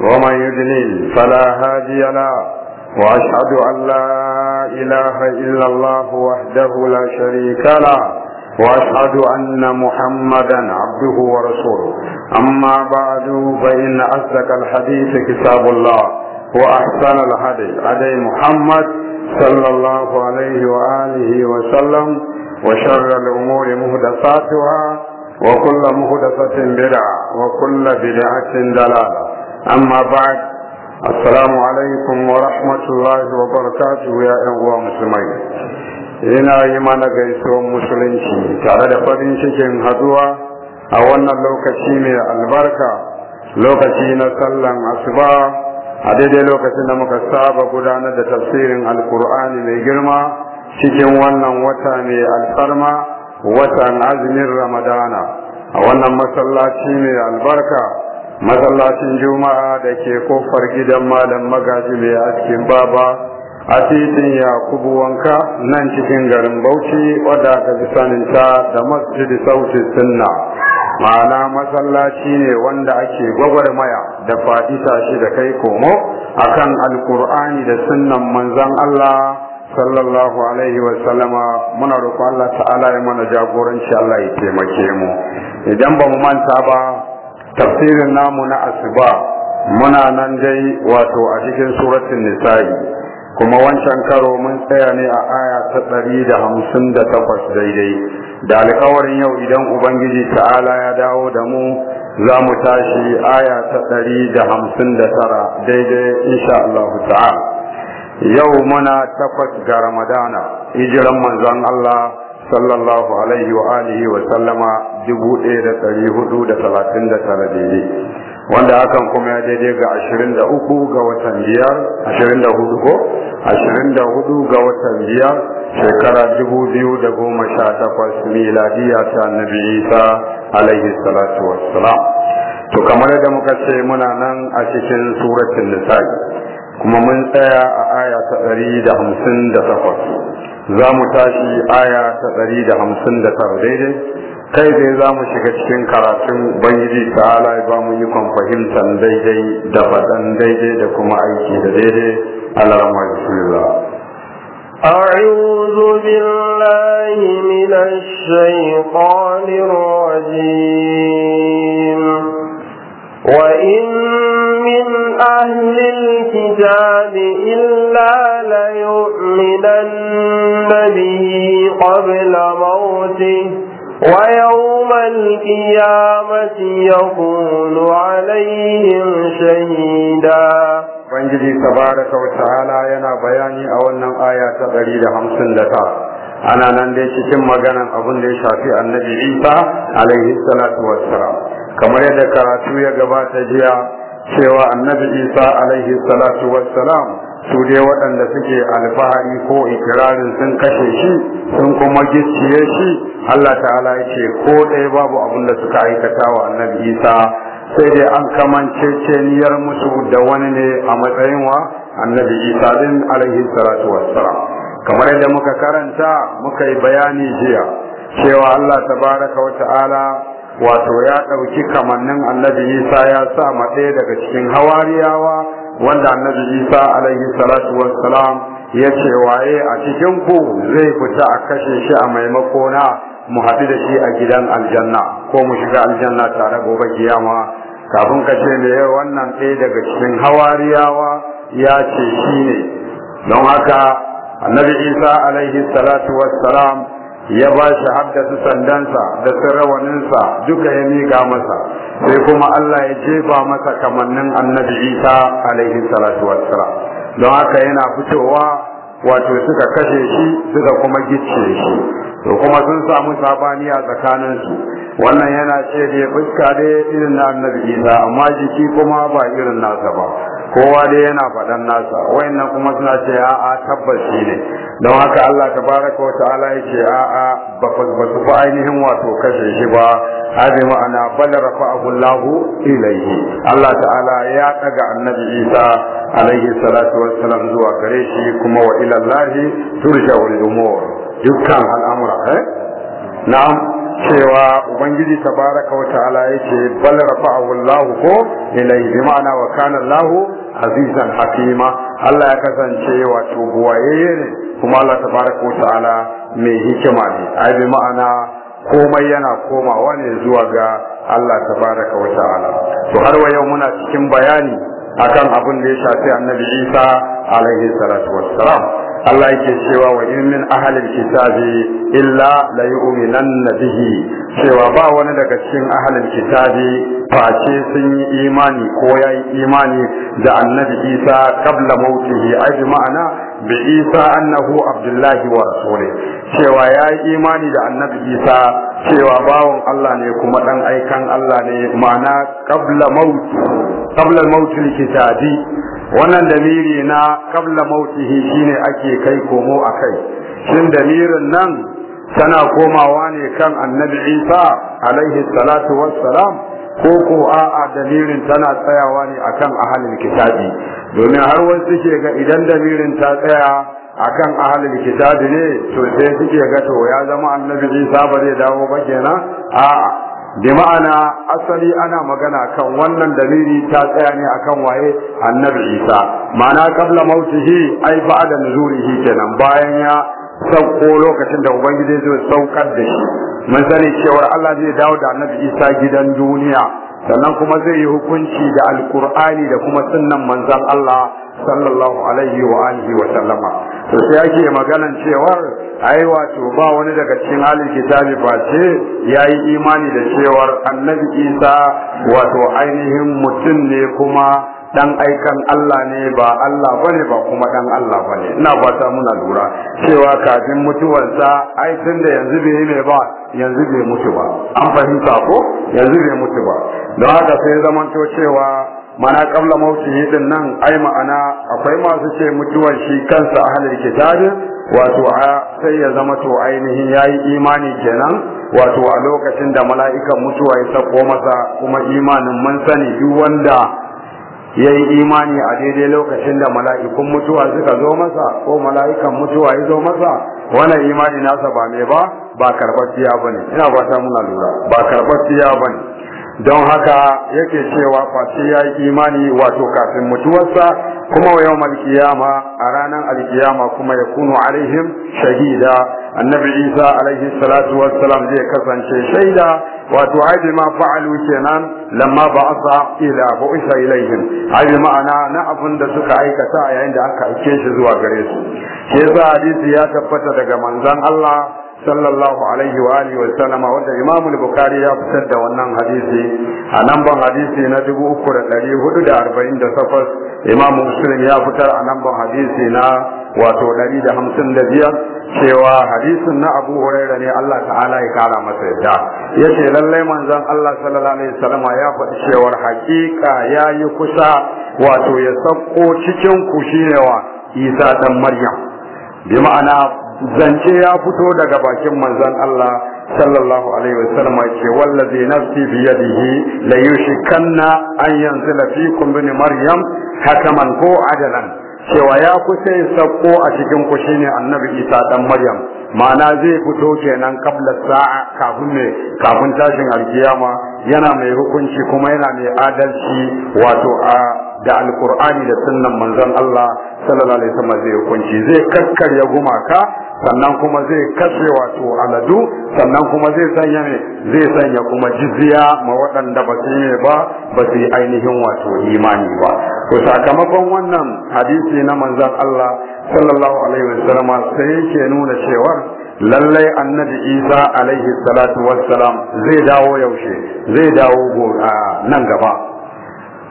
ومن يدلل فلا هادي له وأشهد أن لا إله إلا الله وحده لا شريك له وأشهد أن محمدا عبده ورسوله أما بعد فإن أصدق الحديث كتاب الله وأحسن الهدي هدي محمد صلى الله عليه وآله وسلم وشر الأمور مهدساتها وكل مهدسة بدعة وكل بدعة دلالة أما بعد السلام عليكم ورحمة الله وبركاته يا أخوة مسلمين ina yi mana gaisuwan musulunci tare da farin cikin haduwa a wannan lokaci mai albarka lokaci na sallan asuba a daidai lokacin da muka saba gudanar da tafsirin alkur'ani mai girma cikin wannan wata mai alfarma watan azumin ramadana a wannan masallaci mai albarka masallacin juma'a da ke kofar gidan malam magaji mai askin baba a titin yakubu wanka nan cikin garin bauchi wadda aka fi saninta da masjidi sauti sunna ma'ana masallaci ne wanda ake maya da faɗi tashi da kai komo a akan alkur'ani da sunnan Manzan allah sallallahu alaihi wasallama muna roƙon Allah ta'ala ya mana jagoranci Allah ya taimake mu idan ba mu manta ba tafsirin namu na asuba muna nan dai wato a cikin suratun nisa'i kuma wancan karo mun tsaya ne a aya ta ɗari da hamsin da takwas daidai da alkawarin yau idan ubangiji ta'ala ya dawo da mu za mu tashi aya ta ɗari da hamsin da tara daidai insha Allah ta'ala yau muna takwas ga ramadana hijiran manzon Allah sallallahu alaihi wa alihi wa sallama dubu ɗaya da ɗari hudu da talatin da tara daidai wanda hakan kuma ya daidai ga ashirin da uku ga watan biyar ashirin da hudu ko ashirin da hudu ga watan biyar shekara dubu biyu da goma sha takwas miladiya ta annabi isa alaihi salatu wassalam to kamar da muka ce muna nan a cikin suratul nisa'i kuma mun tsaya a aya ta ɗari da hamsin da takwas za mu tashi aya ta ɗari da hamsin da tara daidai kai dai za mu shiga cikin karatun ubangiji ta ala ba mu yi kwamfahimtar daidai da faɗan daidai da kuma aiki da daidai alamar shirya أعوذ بالله من الشيطان الرجيم وإن من أهل الكتاب إلا ليؤمنن به قبل موته ويوم القيامة يكون عليهم شهيدا Ubangiji tabaraka wa ta'ala yana bayani a wannan aya ta da da hamsin ta, ana nan dai cikin maganar abin da ya shafi annabi Isa alaihi salatu wassalam kamar yadda karatu ya gabata jiya cewa annabi isa alaihi salatu wassalam su dai waɗanda suke alfahari ko ikirarin sun kashe shi sun kuma gicciye shi Allah ta'ala ya ce ko ɗaya babu abin da suka aikata wa annabi isa sai dai an kamance ceniyar musu da wani ne a matsayin wa annabi isa din alaihi salatu wassalam kamar yadda muka karanta muka yi bayani jiya cewa Allah tabaraka wa ta'ala wato ya ɗauki kamannin annabi isa ya sa ma ɗaya daga cikin hawariyawa wanda annabi isa alaihi salatu wassalam ya ce waye a cikin ku zai fita a kashe shi a maimako na mu haɗu da shi a gidan aljanna ko mu shiga aljanna tare gobe kiyama kafin ka ce me wannan ɗaya daga cikin hawariyawa ya ce shi ne don haka annabi isa alaihi salatu wassalam ya ba shi haddasa sandansa da sarrawaninsa duka ya mika masa sai kuma Allah ya jefa masa kamannin annabi Isa alaihi salatu wassalam don haka yana fitowa wato suka kashe shi suka kuma gicce shi to kuma sun samu sabani a tsakanin su wannan yana ce da fuska da irin na annabi Isa amma jiki kuma ba irin nasa ba kowa dai yana faɗan nasa wayannan kuma suna ce a'a tabbas shi ne don haka Allah tabaraka wa ta'ala yake a'a ba su fa ainihin wato kashe shi ba hadi ma'ana bal rafa'ahu Allah ilayhi Allah ta'ala ya daga annabi Isa alaihi salatu wassalam zuwa gare shi kuma wa ila Allah turja'ul umur dukkan al'amura eh na'am cewa ubangiji tabaraka wa ta'ala yake bal rafa'ahu Allah ko ilayhi bi ma'ana wa kana Allah azizan hakima Allah ya kasance wato buwaye ne kuma Allah ta baraka wa ta'ala mai hikima ne ai bi ma'ana komai yana komawa ne zuwa ga Allah ta tabaraka wa ta'ala to har wa yau muna cikin bayani akan abin da ya shafi annabi Isa alaihi salatu wassalam Allah yake cewa wa ilmin ahalin ahlil kitabi illa la yu'minanna bihi cewa ba wani daga cikin ahalin kitabi face sun yi imani ko yi imani da annabi Isa qabla mautihi ai ma'ana bi Isa annahu Abdullahi wa rasuli cewa yayi imani da annabi Isa cewa bawon Allah ne kuma dan aikan Allah ne ma'ana qabla maut qabla kitabi wannan damiri na qabla mautihi shine ake kai komo akai shin damirin nan tana komawa ne kan annabi isa alaihi salatu wassalam ko ko a'a dalilin tana tsayawa ne akan ahalin kitabi domin har wasu suke ga idan dalilin ta tsaya akan ahalin kitabi ne to sai suke ga to ya zama annabi isa ba zai dawo ba kenan a'a bi ma'ana asali ana magana kan wannan dalili ta tsaya ne akan waye annabi isa ma'ana qabla mautihi ai ba'da nuzurihi kenan bayan ya sauko lokacin da ubangiji zai saukar da shi mun sani cewa Allah zai dawo da annabi Isa gidan duniya sannan kuma zai yi hukunci da alkur'ani da kuma sunnan manzon Allah sallallahu alaihi wa alihi wa sallama to sai ake maganan cewar ai wato ba wani daga cikin halin kitabi face yayi imani da cewar annabi Isa wato ainihin mutum ne kuma dan aikan Allah ne ba Allah bane ba kuma dan Allah bane ina fata muna lura cewa kafin mutuwarsa ai tun da yanzu bai yi mai ba yanzu bai mutu ba an fahimta ko yanzu bai mutu ba don haka sai zamanto cewa mana kabla mauti din nan ai ma'ana akwai masu ce mutuwar shi kansa a halin kitabin wato sai ya zama to ainihin yayi imani kenan wato a lokacin da mala'ikan mutuwa ya sako masa kuma imanin mun sani duk wanda ya yi imani a daidai lokacin da mala'ikun mutuwa suka zo masa ko mala'ikan mutuwa ya zo masa wannan imani nasa ba mai ba ba karɓar ba ne ina fata muna lura ba karɓar ba ne don haka yake cewa face ya yi imani wato kafin mutuwarsa kuma wa yawmal qiyama a ranar alkiyama kuma ya kunu alaihim shahida annabi isa alaihi salatu wassalam zai kasance shaida wato ai ma fa'alu kenan lamma ba'atha ila ba'isa ilaihim ai ma'ana na abin da suka aikata a yayin da aka aike shi zuwa gare su sai hadisi ya tabbata daga manzon Allah sallallahu alaihi wa alihi wa sallama wanda imamu bukhari ya fitar da wannan hadisi a nan ban hadisi na 3448 imamu muslim ya fitar a nan ban hadisi na wato 155 cewa hadisin na Abu Hurairah ne Allah ta'ala ya kara masa yadda yace lalle manzon Allah sallallahu alaihi wasallam ya faɗi cewar hakika yayi kusa wato ya sako cikin ku shine wa Isa dan Maryam bi ma'ana zance ya fito daga bakin manzon Allah sallallahu alaihi wasallam ke wallazi nafsi bi yadihi la yushikanna an yanzila fikum bin maryam hakaman ko adalan cewa ya kusa sako a cikin ku shine annabi Isa dan Maryam ma'ana zai fito kenan kabla sa'a kafin ne kafin tashin alkiyama yana mai hukunci kuma yana mai adalci wato a da alqur'ani da sunnan manzon Allah sallallahu alaihi wasallam zai hukunci zai kakkarya gumaka sannan kuma zai kashe wato aladu sannan kuma zai sanya ne zai sanya kuma jizya ma waɗanda ba su yi ba ba su ainihin wato imani ba to sakamakon wannan hadisi na manzon Allah sallallahu alaihi wasallam sai ke nuna cewa lallai annabi Isa alaihi salatu wassalam zai dawo yaushe zai dawo nan gaba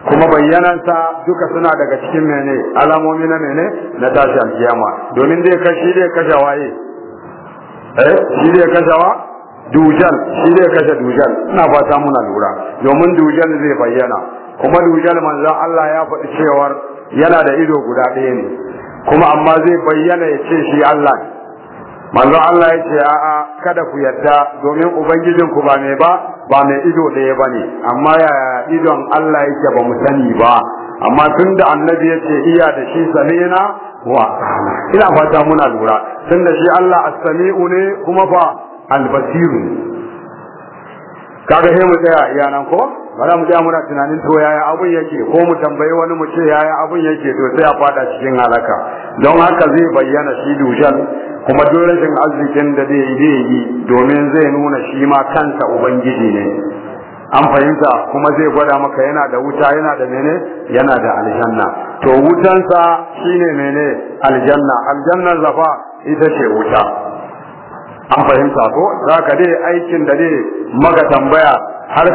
kuma bayyanansa duka suna daga cikin mene alamomi na mene na tashi alkiyama domin zai kashi zai kashe waye eh shi zai kashe wa dujal shi zai kashe dujan ina ta muna lura domin dujal zai bayyana kuma dujal manzon Allah ya faɗi cewa yana da ido guda ɗaya ne kuma amma zai bayyana ya ce shi Allah manzo Allah ya ce a'a kada ku yadda domin ubangijin ku ba mai ba ba mai ido ɗaya bane amma ya idon Allah yake ba mu sani ba amma tunda annabi ya ce iya da shi sami'na wa ina fata muna lura tunda shi Allah as-sami'u ne kuma fa al-basiru kaga sai mu tsaya iya nan ko bara mu ga muna tunanin to yaya abun yake ko mu tambayi wani mu ce yaya abun yake to sai a fada cikin halaka don haka zai bayyana shi dushan kuma dole rashin arzikin da zai yi yi domin zai nuna shi ma kansa ubangiji ne an fahimta kuma zai gwada maka yana da wuta yana da mene yana da aljanna to wutansa shine mene aljanna aljanna zafa ita ce wuta an fahimta ko za dai aikin da dai maka tambaya har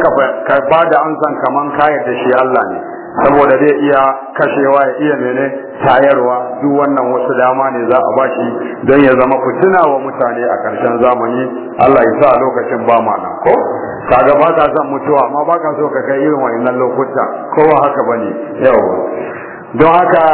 ka ba da amsan kaman ka yadda shi Allah ne saboda zai iya kashewa ya iya mene tayarwa duk wannan wasu dama ne za a bashi don ya zama fitina wa mutane a karshen zamani Allah ya sa lokacin ba mana ko kaga ba ka san mutuwa amma ba ka so ka kai irin wannan lokuta kowa haka bane yawa don haka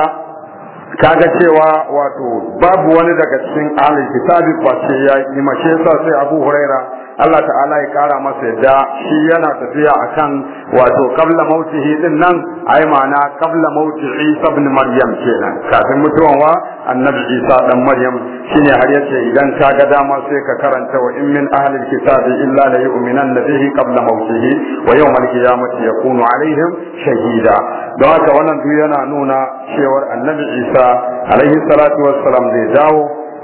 kaga cewa wato babu wani daga cikin alkitabi kwace ya yi mace sa sai Abu Huraira Allah ta'ala ya kara masa yadda shi yana tafiya akan wato qabla mautihi din nan ai ma'ana qabla mauti Isa ibn Maryam kenan kafin mutuwan wa annabi Isa dan Maryam shine har yace idan ka ga dama sai ka karanta wa in min ahli alkitabi illa la yu'minanna bihi qabla mautihi wa yawm alqiyamati yakunu alaihim shahida don haka wannan duk yana nuna cewar annabi Isa alaihi salatu wassalam zai dawo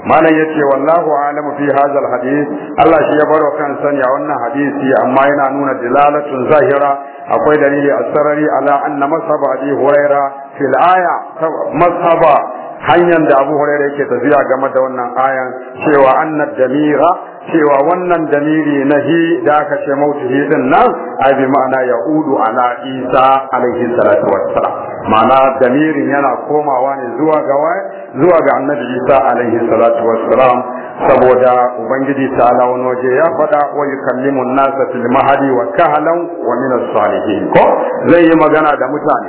malam ce wallahu alamu fi hazal hadith Allah shi ya baro kan sani a wannan hadisi amma yana nuna dilalatun zahira akwai dalili asrari ala anna masaba abi huraira fil aya masaba hanyar da abu huraira yake tafiya game da wannan ayan cewa anna damira cewa wannan damiri na hi da aka ce mautihi din nan bi ma'ana ya'udu ala isa alaihi salatu wassalam ma'ana damirin yana komawa ne zuwa ga zuwa ga annabi isa alaihi salatu wassalam saboda ubangiji ala wani waje ya faɗa wa yukallimu nasa fil mahadi wa kahalan wa min salihin ko zai yi magana da mutane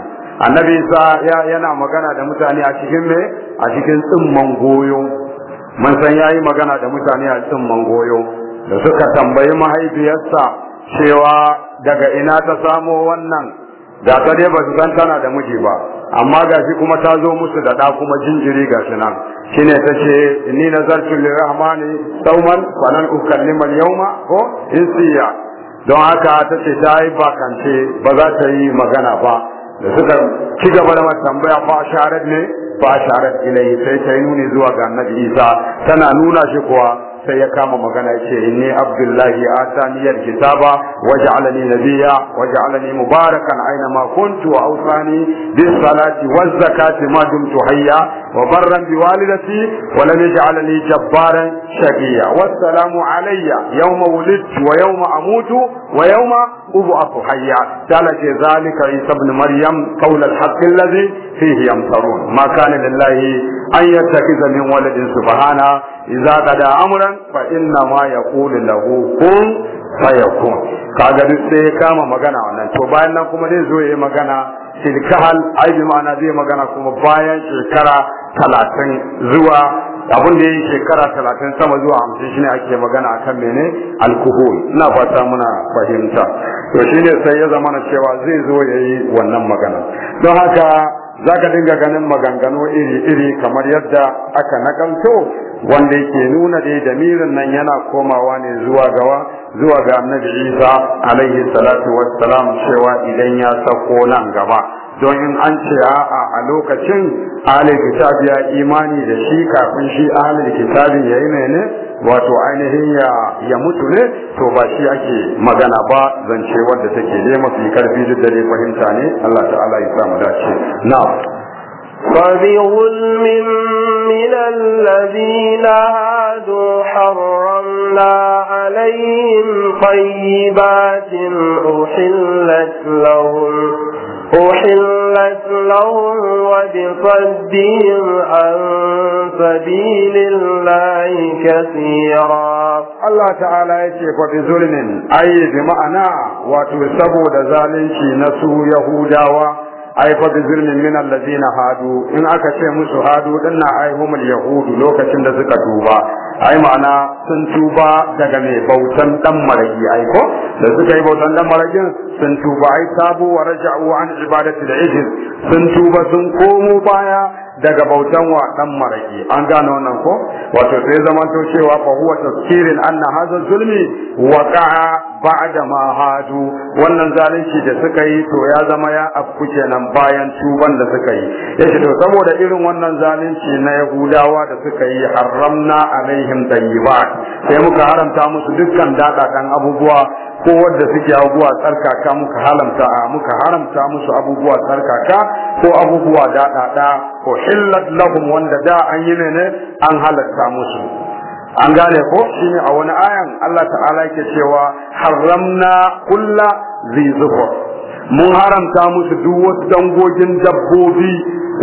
annabi isa yana magana da mutane a cikin me a cikin tsimman goyo mun san yayi magana da mutane a tsimman goyo da suka tambayi mahaifiyarsa cewa daga ina ta samo wannan da ta dai ba su san tana da miji ba amma ga shi kuma ta zo musu da ɗa kuma jinjiri shi nan shine ta ce ni nazartu ne sauman falan ukallima yauma ko insiya don haka ta ce ta yi bakance ba za ta yi magana ba da suka ci gaba da tambaya a sharat ne Ba a sharar ilai sai ta yi nuni zuwa ga annabi isa tana nuna shi kuwa sai ya kama magana yace inni abdullahi ataniyal kitaba waj'alani nabiyya waj'alani mubarakan aina ma kuntu wa awsani bis salati waz zakati ma dumtu hayya wa barran bi walidati wa lam yaj'alani jabbaran shaqiya wassalamu alayya yawma wulidtu wa yawma amutu wa yawma ub'athu hayya dalaka zalika isa ibn maryam qawl al-haqq alladhi fihi yamtarun ma kana lillahi an yattakiza min waladin subhana idza da amran fa inna ma yaqulu lahu kun fayakun kaga duk sai kama magana wannan to bayan nan kuma zai zo yayi magana tilkahal ai bi ma'ana zai magana kuma bayan shekara talatin zuwa abin da ya yi shekara talatin sama zuwa hamsin shine ake magana akan mene alkuhu. ina fata muna fahimta to shine sai ya zama na cewa zai zo ya yi wannan magana don haka za ka dinga ganin maganganu iri-iri kamar yadda aka nakalto wanda yake nuna da damirin nan yana komawa ne zuwa gawa zuwa ga annabi isa alaihi salatu wassalam cewa idan ya sako nan gaba don in an ce a'a a lokacin ahlul Kitabi ya imani da shi kafin shi ahlul kitabin yi mene wato ainihin ya ya mutu ne to ba shi ake magana ba zance wanda take ne mafi karfi duk da dai fahimta ne Allah ta'ala ya sa mu dace na'am فبظلم من الذين هادوا حرمنا عليهم طيبات أحلت لهم أحلت لهم وبصدهم عن سبيل الله كثيرا الله تعالى يتيك وبظلم أي بمعنى وتسبو ذلك نسو يهودا ai da bi zulmin min allazina hadu in aka ce musu hadu na ai humul yahudu lokacin da suka tuba ai ma'ana sun tuba daga mai bautan dan maragi ai ko da suka yi bautan dan maragin sun tuba ai sabu wa raja'u an ibadati da ijiz sun tuba sun komo baya daga bautan wa dan an gano wannan ko wato sai zaman to cewa fa huwa tafsirin anna hadha zulmi waqa'a ba'da ma hadu wannan zalunci da suka yi to ya zama ya afku kenan bayan tuban da suka yi yace to saboda irin wannan zalunci na yahudawa da suka yi haramna alaihim tayyibat sai muka haramta musu dukkan dan abubuwa ko wanda suke abubuwa tsarkaka muka halamta muka haramta musu abubuwa tsarkaka ko abubuwa daɗaɗa ko hillat lahum wanda da an yi ne an halatta musu an gane ko shi ne a wani ayan Allah ta'ala yake cewa haramna kulla zi mun haramta musu duk wasu dangogin dabbobi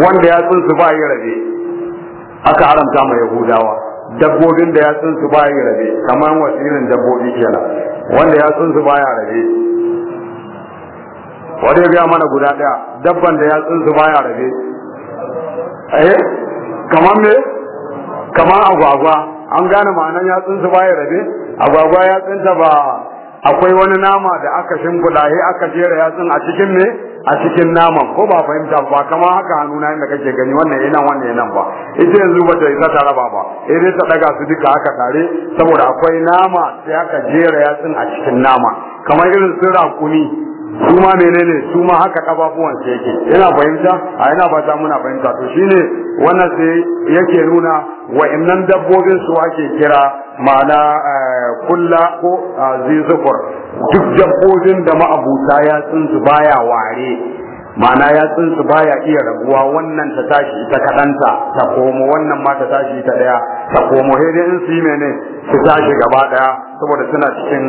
wanda ya tsinsu ba yi rabe aka haramta ma yahudawa dabbobin da ya tsinsu ba yi rabe kamar wasirin dabbobi kenan wanda ya tsinsu ba ya rabe wanda ya mana guda daya dabban da ya tsinsu ba ya rabe eh kamar me kama agwagwa an gane ma'anan yatsunsu su baya rabe agwagwa yatsunta ba akwai wani nama da aka shimfiɗa aka jera yatsun a cikin ne a cikin naman ko ba fahimta ba kama haka hannuna inda kake gani wannan yana wannan yana ba ita yanzu ba ta ta raba ba idan ta daga su duka haka tare saboda akwai nama sai aka jera yatsun a cikin nama kamar irin su rakuni su ma menene su ma haka kafafuwan su yake yana fahimta a yana fata muna fahimta to shine wannan sai yake nuna wa wa'annan dabbobin su ake kira ma'ana eh, kulla ko eh, zizukur duk dabbobin da ma'abuta ya su baya ware ma'ana ya su baya iya raguwa wannan ta tashi ta kadanta ta komo wannan ma ta tashi ta daya ta komo sai dai in su yi mene su tashi gaba ɗaya saboda suna cikin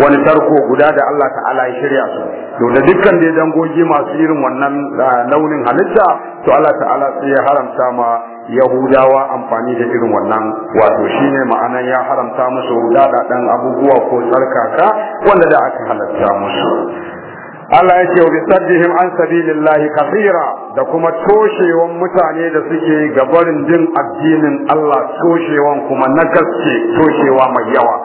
wani tarko guda da Allah ta'ala ya shirya su to da dukkan da dangogi masu irin wannan ah, launin halitta to Allah ta'ala sai ya haramta ma Yahudawa amfani da irin wannan wato shine ma'anan ya haramta musu dan abubuwa ko tsarkaka wanda da aka halatta musu Allah ya ce wa bisaddihim an sabilillahi kathira da kuma toshewan mutane da suke gabarin din addinin Allah toshewan kuma na gaske toshewa mai yawa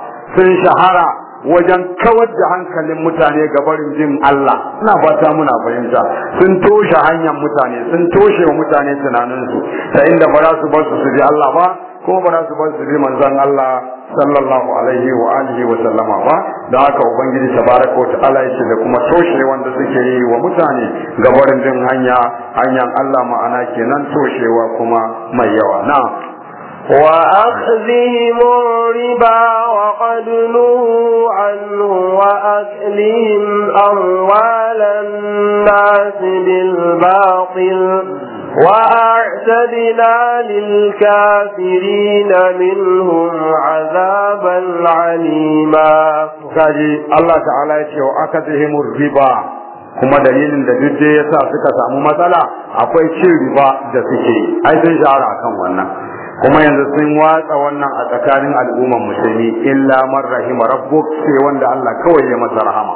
sun shahara wajen kawar da hankalin mutane ga barin jin Allah ina fata muna fahimta sun toshe hanyar mutane sun toshe wa mutane tunaninsu ta inda ba za su bar su su ji Allah ba ko ba za su bar su ji manzon Allah sallallahu alaihi wa alihi wa sallama ba da haka ubangiji tabaraka wa ta'ala yake da kuma toshe wanda suke yi wa mutane ga barin jin hanya hanyar Allah ma'ana kenan toshewa kuma mai yawa na. وأخذهم الربا وقد نهوا عنه وأكلهم أموال الناس بالباطل وأعتدنا للكافرين منهم عذابا عليما kaji Allah ta'ala ya ce wa aka zihimur riba kuma dalilin da duk ya sa suka samu matsala akwai cin riba da suke ai sun a kan wannan kuma yanzu sun watsa wannan a tsakanin al'ummar musulmi illa man rahima rabbuk sai wanda Allah kawai ya masa rahama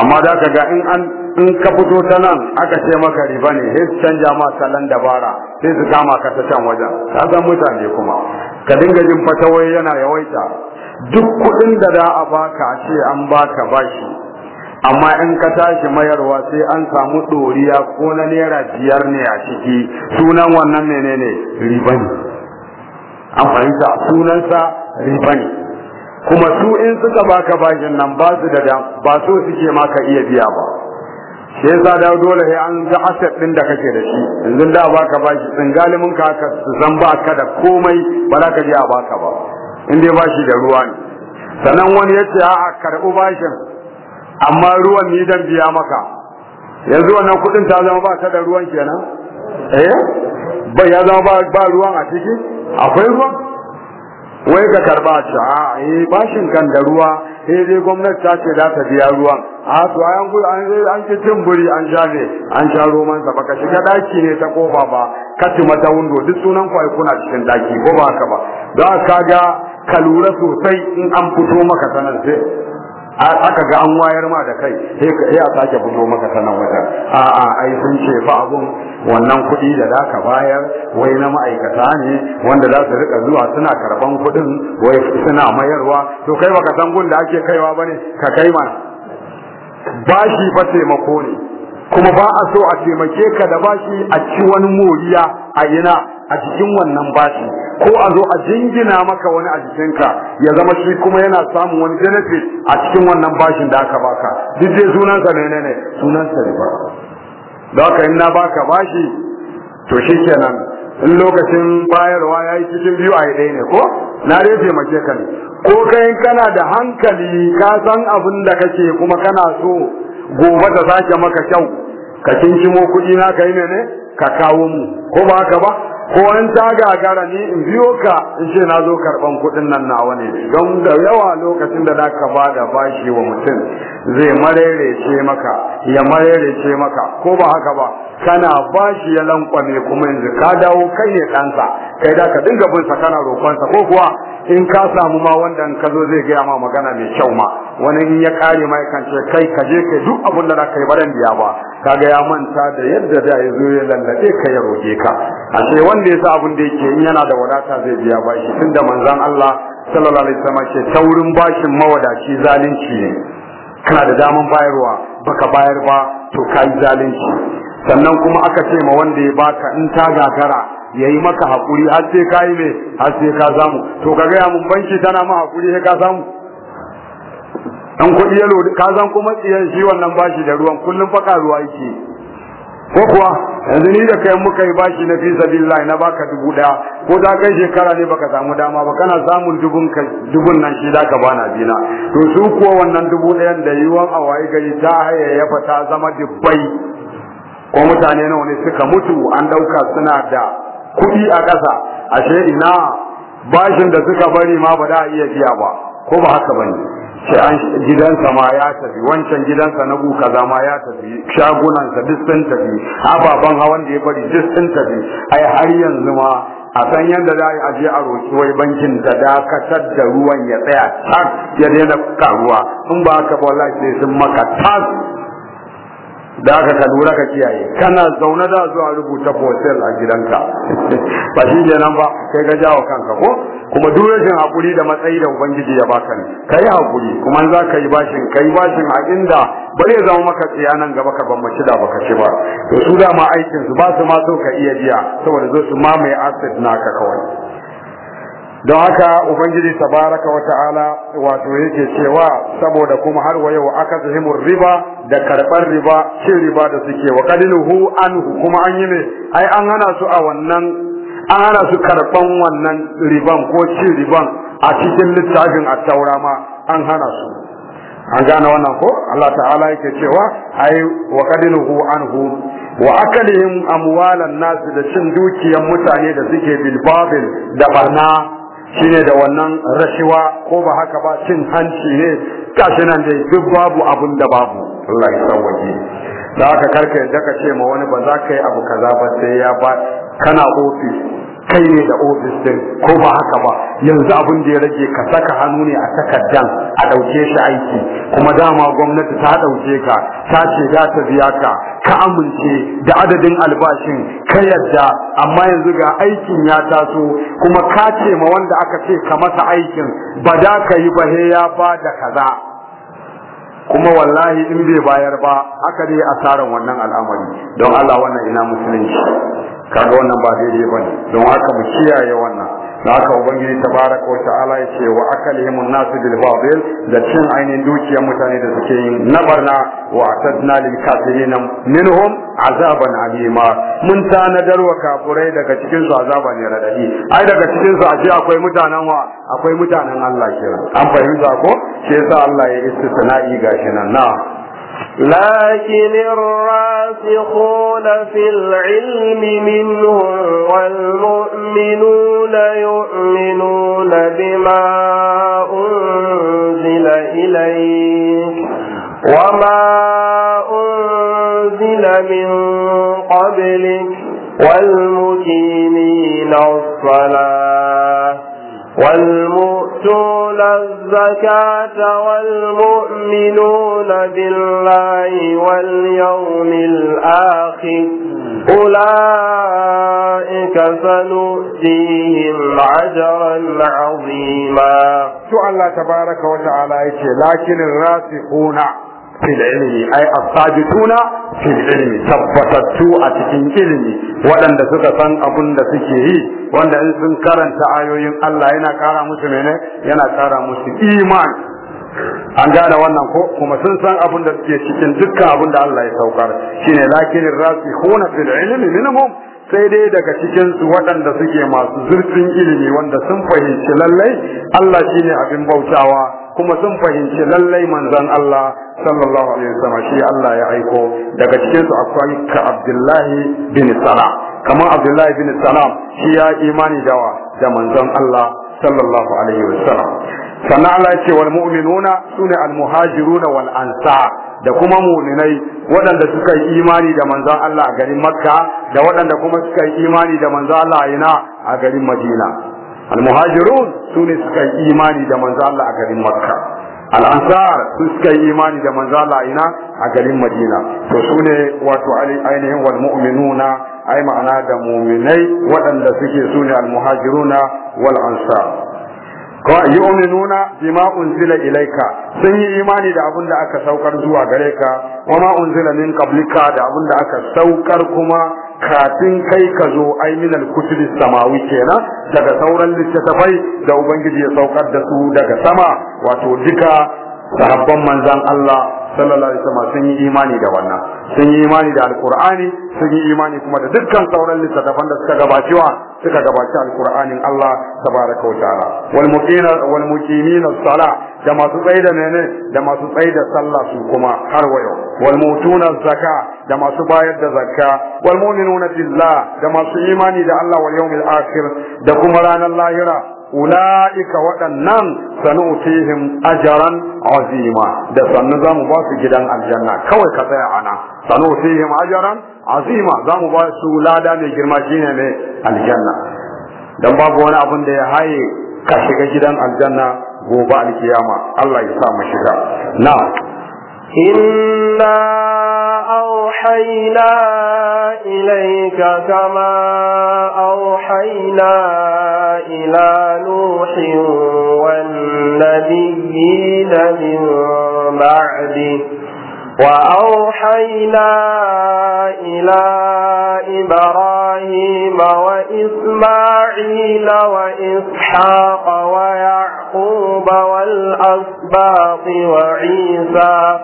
amma da ka ga in an in ka fito ta nan aka ce maka riba ne sai su canja ma salon dabara sai su kama ka ta can wajen ka ga mutane kuma ka dinga jin fatawai yana yawaita duk kuɗin da za a baka a ce an baka bashi amma in ka tashi mayarwa sai an samu ɗoriya ko na naira biyar ne a ciki sunan wannan menene riba ne an fahimta sunansa riba ne kuma su in suka baka bashin nan ba su da ba su suke maka iya biya ba shi yasa da dole sai an ga asset din da kake da shi yanzu da baka bashi sun galimin ka haka su san baka da komai ba za ka je a baka ba in dai bashi da ruwa ne sannan wani yace a'a karɓi bashin amma ruwan ni dan biya maka yanzu wannan kudin ta zama ba ta da ruwan kenan eh ba ya zama ba ruwan a ciki akwai ruwan wai ka karba ta a eh bashin kan da ruwa sai dai gwamnati ta ce za ta biya ruwan a to an gudu an an ci cin buri an sha ne an sha roman sa baka shiga daki ne ta kofa ba ka ci mata wundo duk sunan ku ai kuna cikin daki ko ba haka ba za ka ga ka lura sosai in an fito maka sanar sai aka ga an wayar ma da kai sai a sake fito maka sanan a a'a ai sun ce fa abun wannan kuɗi da za ka bayar wai na ma'aikata ne wanda za su rika zuwa suna karban kuɗin wai suna mayarwa to kai baka san gun da ake kaiwa bane ka kai mana bashi fa taimako ne kuma ba a so a taimake ka da bashi a ci wani moriya a ina a jikin wannan bashi ko a zo a jingina maka wani a jikinka ya zama shi kuma yana samun wani benefit a cikin wannan bashin da aka baka duk dai sunansa ne ne sunansa ba. da haka in na baka bashi to shikenan in lokacin bayarwa ya yi cikin biyu a yi ɗaya ne ko na dai taimake ka ne ko kai kana da hankali ka san abin da kake kuma kana so gobe ta sake maka kyau ka kinkimo kuɗi na ka yi ne ka kawo mu ko ba haka ba ko an ta gagara ni in biyo ka in ce na zo karban kuɗin nan nawa ne don da yawa lokacin da za ka bada bashi wa mutum zai marerece maka ya marerece maka ko ba haka ba kana bashi ya lankwame kuma yanzu ka dawo kai ne ɗansa kai da ka dinga bin sa kana roƙonsa ko kuwa in ka samu ma wanda ka zo zai gaya ma magana mai kyau ma wani in ya kare ma kan ce kai ka je kai duk abin da za ka yi ba kaga ya manta da yadda da ya zo ya lallabe ka ya roge ka a ce wanda ya sa abin da yake in yana da wadata zai biya bashi tunda manzan Allah sallallahu alaihi wasallam ce taurin bashin mawadaci zalunci ne kana da daman bayarwa baka bayar ba to kai zalunci sannan kuma aka ce ma wanda ya baka in ta gagara ya yi maka haƙuri har sai ka yi mai har sai ka samu to ka gaya mun banki tana ma haƙuri sai ka samu dan kuɗi ya ka zan kuma tsiyan shi wannan bashi da ruwan kullum fa ruwa yake ko kuwa yanzu ni da kai muka yi bashi na fi sabilillah na baka dubu daya ko da kai shekara ne baka samu dama ba kana samun dubun kai dubun nan shi zaka bana dina to su kuwa wannan dubu dayan da yiwon awayi gari ta haye ya fata zama dubbai ko mutane nawa ne suka mutu an ɗauka suna da kuɗi a ƙasa ashe ina bashin da suka bari ma ba da iya biya ba ko ba haka bane sai an gidansa ma ya tafi wancan gidansa na guka zama ya tafi shagunansa duk sun tafi ababen hawan da ya bari duk sun tafi yi har yanzu ma a san yadda za a je a roki wai bankin da dakatar da ruwan ya tsaya har ya daina karuwa in ba haka ba wallahi sun maka tas da aka ka lura ka kiyaye kana zaune da zuwa rubuta hotel a gidanka ba shi ne nan ba kai ka jawo kanka ko kuma duk rashin hakuri da matsayi da ubangiji ya baka ne kai hakuri kuma za ka yi bashin kai bashin a inda ba zai zama maka tsaya nan gaba ka ban mace da baka ci ba to su da ma aikin su ba su ma so ka iya biya saboda zo su mamaye asset naka kawai don haka ubangiji tabaraka wa ta'ala wato yake cewa saboda kuma har wa yau aka zahimur riba da karbar riba cin riba da suke wa qadinuhu anhu kuma an yi ne ai an hana su a wannan an hana su karban wannan riban ko cin riban a cikin littafin at-taura ma an hana su an gane wannan ko Allah ta'ala yake cewa ai wa qadinuhu anhu wa akalihim amwalan nas da cin dukiyar mutane da suke bil babil da barna shine da wannan rashiwa ko ba haka ba cin hanci ne gashi nan dai duk babu abun da babu Allah ya waje da haka karka yadda ka ce ma wani ba za ka yi abu kaza ba sai ya ba kana ofis kai ne da ofis din ko ba haka ba yanzu abin da ya rage ka saka hannu ne a takardan a ɗauke shi aiki kuma dama gwamnati ta ɗauke ka ta ce za ta biya ka ka amince da adadin albashin ka yadda amma yanzu ga aikin ya taso kuma ka ce ma wanda aka ce ka masa aikin ba da ka yi ba he ya ba da kaza kuma wallahi in bai bayar ba haka dai asaran wannan al'amari don Allah wannan ina musulunci kaga wannan ba daidai ba ne. don haka mu kiyaye wannan da haka ubangiji tabaraka wa ta'ala ya ce wa akalihim an-nas bil da cin ainihin dukiyar mutane da suke yin na barna wa atadna lil kafirin minhum azaban alima mun tanadar wa kafurai daga cikin su azaba ne radadi ai daga cikin su ashe akwai mutanen wa akwai mutanen Allah kira an fahimta ko sai yasa Allah ya istisna'i gashi nan na'am لكن الراسخون في العلم منهم والمؤمنون يؤمنون بما أنزل إليك وما أنزل من قبلك والمكينين الصلاة والمؤتون الزكاة والمؤمنون بالله واليوم الآخر أولئك سنؤتيهم عجرا عظيما شو الله تبارك وتعالى لكن الراسخون في العلم أي الصادقون fil ilmi tabbatattu a cikin ilimi waɗanda suka san abun da suke yi wanda in sun karanta ayoyin Allah yana ƙara musu mene yana ƙara musu iman an gane wannan ko kuma sun san abun da suke cikin dukkan abun da Allah ya saukar shine lakinin rasikhuna fil ilmi minhum sai dai daga cikinsu waɗanda suke masu zurfin ilimi wanda sun fahimci lallai Allah shine abin bautawa kuma sun fahimci lallai manzon Allah sallallahu alaihi wasallam shi Allah ya aiko daga cikin su akwai ka Abdullahi bin Salam kamar Abdullahi bin Salam shi ya imani dawa da manzon Allah sallallahu alaihi wasallam sannan Allah ya ce wal mu'minuna sune al muhajiruna wal ansar da kuma muminai waɗanda suka yi imani da manzan Allah a garin Makka da waɗanda kuma suka yi imani da manzan Allah a ina a garin Madina. Al-Muhajirun su suka yi imani da manzan Allah a garin Makka. al'ansar sun suka yi imani da manza la'ina a garin madina to su ne wato ainihin wal mu'minuna ai ma'ana da muminai waɗanda suke su ne al muhajiruna wal ansar ko yu'minuna bima unzila ilaika sun yi imani da abin da aka saukar zuwa gare ka kuma unzila min qablika da abin da aka saukar kuma kafin kai ka zo ainihin kutubi samawi kenan daga sauran littattafai da ubangiji ya saukar da su daga sama wato duka sahabban manzan Allah sallallahu alaihi wasallam sun yi imani da wannan sun yi imani da alkur'ani sun yi imani kuma da dukkan sauran littattafan da suka wa, suka gabaci alkur'anin Allah tabaraka wa ta'ala wal muqina wal muqimina sala da masu tsaida mene da masu tsaida sallah su kuma har wayo wal mutuna zaka da masu bayar da zakka wal mu'minuna billah da masu imani da Allah wal yawmil akhir da kuma ranar lahira ulaika waɗannan sanu'tihim ajaran azima da sannu zamu ba su gidan aljanna kawai ka tsaya ana sanu'tihim ajaran azima zamu ba su lada mai girma shine mai aljanna dan babu wani abin da ya haye ka shiga gidan aljanna gobe alkiyama Allah ya sa mu shiga na inna أوحينا إليك كما أوحينا إلى نوح والنبيين من بعده وأوحينا إلى إبراهيم وإسماعيل وإسحاق ويعقوب والأسباط وعيسى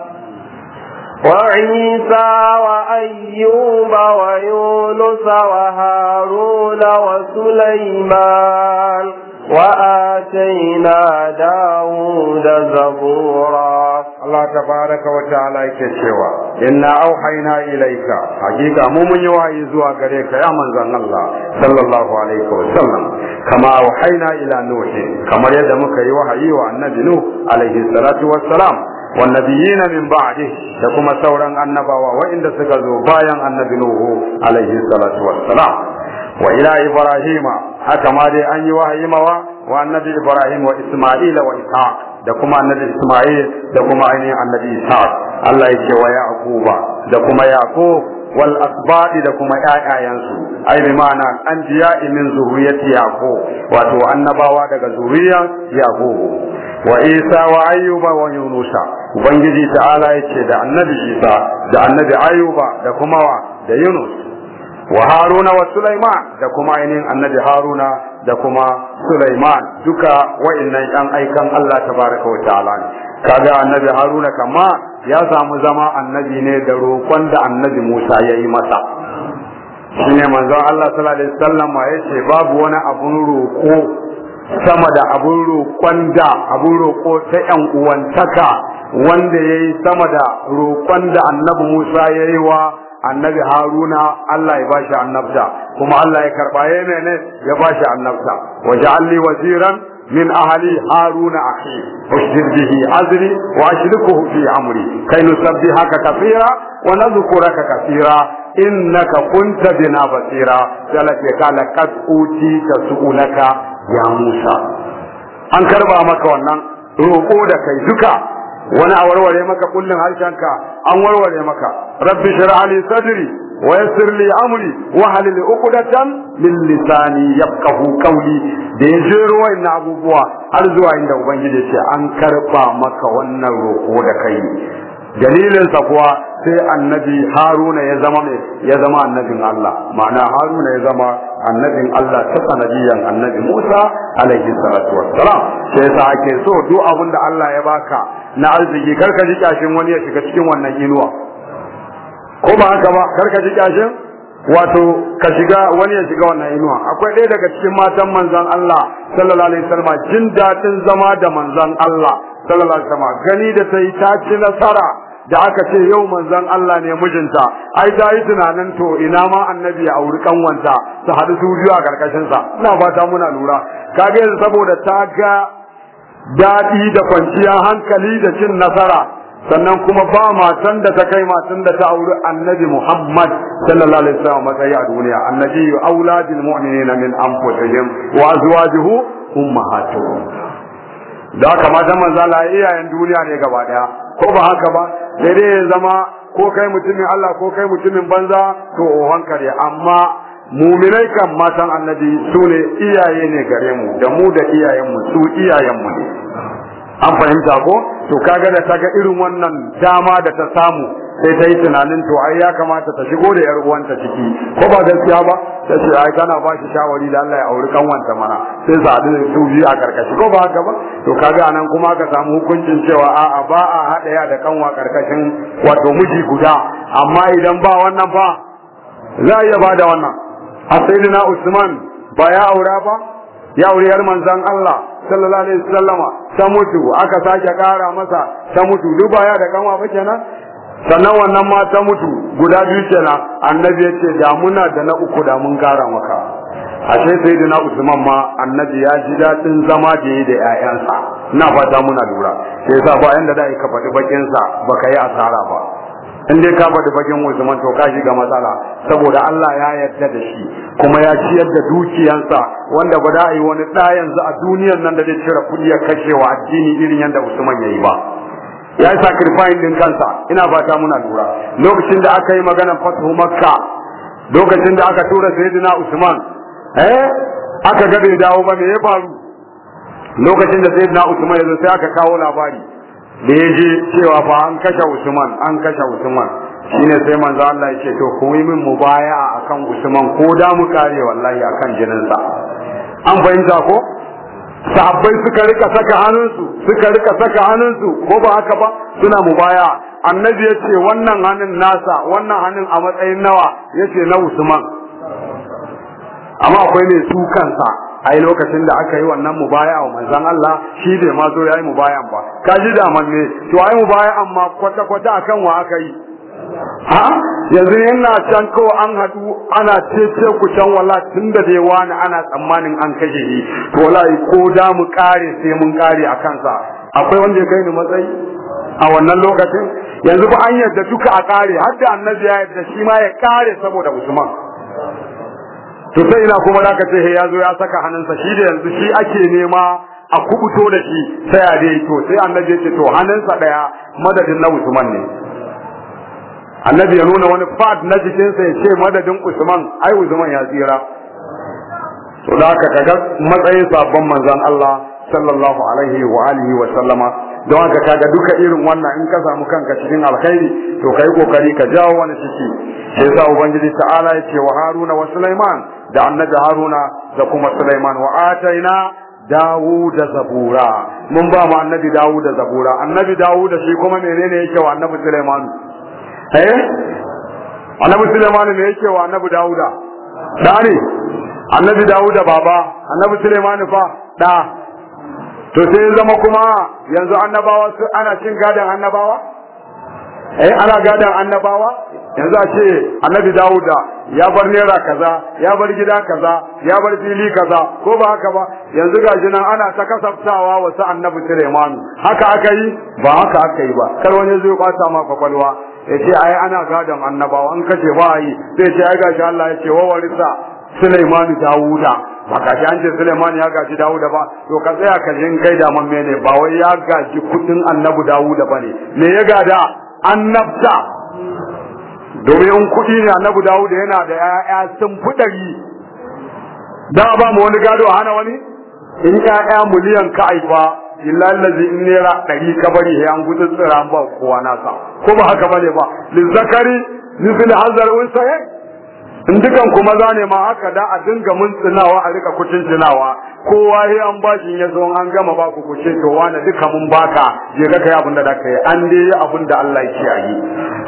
وعيسى وأيوب ويونس وهارون وسليمان وآتينا داود زبورا الله تبارك وتعالى كشوا إنا أوحينا إليك حقيقة ممن يوحي زوا يا من الله صلى الله عليه وسلم كما أوحينا إلى نوح كما يدمك يوحي النبي نوح عليه الصلاة والسلام والنبيين من بعده لكما ثورا النبوة وإن سكزوا بايا النبي نوح عليه الصلاة والسلام وإلى إبراهيم حكما دي أن يوهيم والنبي إبراهيم وإسماعيل وإسحاق لكما النبي إسماعيل لكما أين النبي إسحاق الله يجي ويعقوب لكما يعقوب والأسباط لكما آيانسو أي بمعنى أنبياء من ذرية يعقوب وتو أنبوا دك ذرية يعقوب وإيسى وأيوب ويونس ubangiji ta'ala ce da annabi isa da annabi ayuba da kuma wa da yunus wa haruna wa sulaiman da kuma ainihin annabi haruna da kuma sulaiman duka wa'annan yan aikan Allah tabaraka wa ta'ala ne kaga annabi haruna kama ya samu zama annabi ne da roƙon da annabi musa ya yi masa ne manzo Allah sallallahu alaihi wasallam ya ce babu wani abun roƙo sama da abun roƙon da abun roƙo ta ƴan uwantaka wanda ya yi sama da roƙon da annabi Musa ya yi wa annabi Haruna Allah ya bashi annabta kuma Allah ya karɓa ya mene ya bashi annabta wa ja'alni waziran min ahli Haruna akhi ushdid bihi azri wa ashrifuhu fi amri kai nusabbihaka kathira wa nadhkuraka kathira innaka kunta bina basira zalaka kala qad uti tasulaka ya Musa an karba maka wannan roƙo da kai duka wani a warware maka kullum harshenka an warware maka rabbi shrah sadri wa yassir amri wa halil uqdatan min lisani yafqahu qawli da ya jero abubuwa har zuwa inda ubangiji ce an karba maka wannan roko da kai dalilinsa kuwa sai annabi haruna ya zama mai ya zama annabin Allah ma'ana haruna ya zama annabin Allah ta sanadiyan annabi Musa alaihi salatu wassalam sai sa ake so duk abin da Allah ya baka na arziki karka ka ji kyashin wani ya shiga cikin wannan inuwa ko ba haka ba karka ka ji kyashin wato ka shiga wani ya shiga wannan inuwa akwai ɗaya daga cikin matan manzon Allah sallallahu alaihi wasallam jin daɗin zama da manzon Allah sallallahu alaihi wasallam gani da sai ta ci nasara da aka ce yau manzon Allah ne mijinta ai da yi tunanin to ina ma annabi ya auri kanwanta su haɗu su biyu a karkashin sa ina fata muna lura kage saboda ta ga daɗi da kwanciyar hankali da cin nasara sannan kuma ba matan da ta kai matan da ta auri annabi Muhammad sallallahu alaihi wasallam matsayi a duniya annabi auladil mu'minin min anfusihim wa azwajuhu ummahatuhum da kamata manzo Allah iyayen duniya ne gaba daya ko ba haka ba sai dai zama ko kai mutumin Allah ko kai mutumin banza to hankali amma muminai kan matan annabi su iyaye ne gare mu da mu da iyayenmu su iyayenmu ne an fahimta ko to kaga da ta ga irin wannan dama da ta samu sai ta yi tunanin to ai ya kamata ta shigo da yar uwanta ciki ko ba gaskiya ba ta ce ai kana ba shi shawari da Allah ya auri kanwanta mana sai sa da su biyu a karkashi ko ba haka ba to kaga anan kuma ka samu hukuncin cewa a'a ba a hada ya da kanwa karkashin wato miji guda amma idan ba wannan fa za a iya ba da wannan saidina usman ba ya aura ba ya aure yar manzan Allah sallallahu alaihi wasallama ta mutu aka sake kara masa ta mutu duk baya da kanwa ba kenan sannan wannan ma ta mutu guda biyu kenan annabi yace da muna da na uku da mun kara maka ashe sayyidina usman ma annabi ya ji dadin zama da yi da 'yayansa na fata muna lura sai sa bayan da da ka faɗi bakinsa sa baka yi asara ba in dai ka bada bakin musulman to ka shiga matsala saboda Allah ya yarda da shi kuma ya ciyar da dukiyansa wanda ba da yi wani da yanzu a duniyar nan da zai cire kuɗi ya kashewa addini irin yadda Usman yayi yi ba ya yi sacrifice din kansa ina fata muna lura lokacin da aka yi maganar fatu makka lokacin da aka tura sayyidina Usman eh aka ga bai dawo ba me ya faru lokacin da sayyidina Usman ya zo sai aka kawo labari da ya je cewa fa an kashe Usman an kashe Usman Shi ne sai manzo Allah ya ce to ku yi min mubaya'a akan Usman ko da mu kare wallahi akan jininsa an fahimta ko sahabbai suka rika saka hannunsu suka rika saka hannun su ko ba haka ba suna mubaya annabi ya ce wannan hannun nasa wannan hannun a matsayin nawa yace na Usman amma akwai ne su kansa ai lokacin da aka yi wannan mubaya'a manzon Allah shi bai ma zo yayi mubayan ba kaji da manne to ai mubaya amma kwata kwata akan wa aka yi ha yanzu ina can ko an hadu ana cece ku can wala tun da dai wani ana tsammanin an kaje shi to wallahi ko da mu kare sai mun kare akan sa akwai wanda ya kai ni matsayi a wannan lokacin yanzu ba an yarda duka a kare har da annabi ya yarda shi ma ya kare saboda Usman to sai ina kuma zaka ce ya zo ya saka hannunsa shi da yanzu shi ake nema a kubuto da shi sai a dai to sai annabi ce to hannunsa daya madadin na Usman ne annabi ya nuna wani fad na jikinsa ya ce madadin Usman ai Usman ya tsira to da haka kaga matsayin sabon manzon Allah sallallahu alaihi wa alihi wa sallama don haka kaga duka irin wannan in ka samu kanka cikin alkhairi to kai kokari ka jawo wani ciki sai sa ubangiji ta'ala ya ce wa Haruna wa Sulaiman da annabi haruna da kuma sulaiman wa ataina dawuda zabura mun ba mu annabi dawuda zabura annabi dawuda shi kuma menene yake wa annabi sulaiman eh annabi sulaiman ne yake wa annabi dawuda da ne annabi dawuda baba annabi sulaiman fa da to sai zama kuma yanzu annabawa ana cin gadan annabawa eh ana gada annabawa yanzu a ce annabi Dawuda ya bar nera kaza ya bar gida kaza ya bar fili kaza ko ba haka ba yanzu gashi nan ana ta kasaftawa wasu annabi Sulaiman haka aka yi ba haka aka yi ba kar wani zai bata ma kwakwalwa ya ce ai ana gadan annabawa an kace ba yi sai ce ai gashi Allah yace wa warisa Sulaiman dauda ba ka ji an ce Suleiman ya gaji Dawuda ba to ka tsaya ka jin kai da mamme ne ba wai ya gaji kudin Annabi Dawuda bane me ya gada annabta domin in kuɗi ne annabi dawuda yana da ya'ya sun fi ɗari ba mu wani gado a hana wani in yaya miliyan ka aiwa illa in naira ɗari ka bari ya gudu tsira ba kowa nasa ko ba haka bane ba lizzakari mithlu hazar unsayayn in dukan kuma za ne ma haka da a dinga mun tsinawa a rika kucin tsinawa kowa ya an bashin ya zo an gama ba ku kuce to wani duka mun baka je ka kai abin da da kai an dai abin da Allah ya yi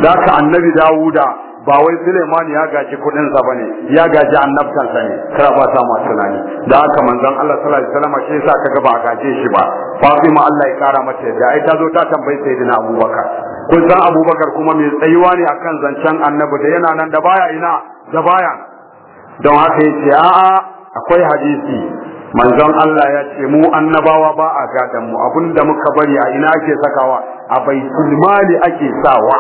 da haka annabi Dawuda ba wai Suleiman ya gaji kudin sa bane ya gaji annabtan sa ne kar ba ta ma tunani da haka manzon Allah sallallahu alaihi wasallam shi yasa kaga ba a gaje shi ba Fatima Allah ya kara mata da ai ta zo ta tambayi sayyidina Abubakar kun san Abubakar kuma mai tsayuwa ne akan zancen annabi da yana nan da baya ina da baya don haka yace a'a akwai hadisi manzon Allah ya ce mu annabawa ba a gadan mu abinda muka bari a ina ake sakawa a baitul mali ake sawa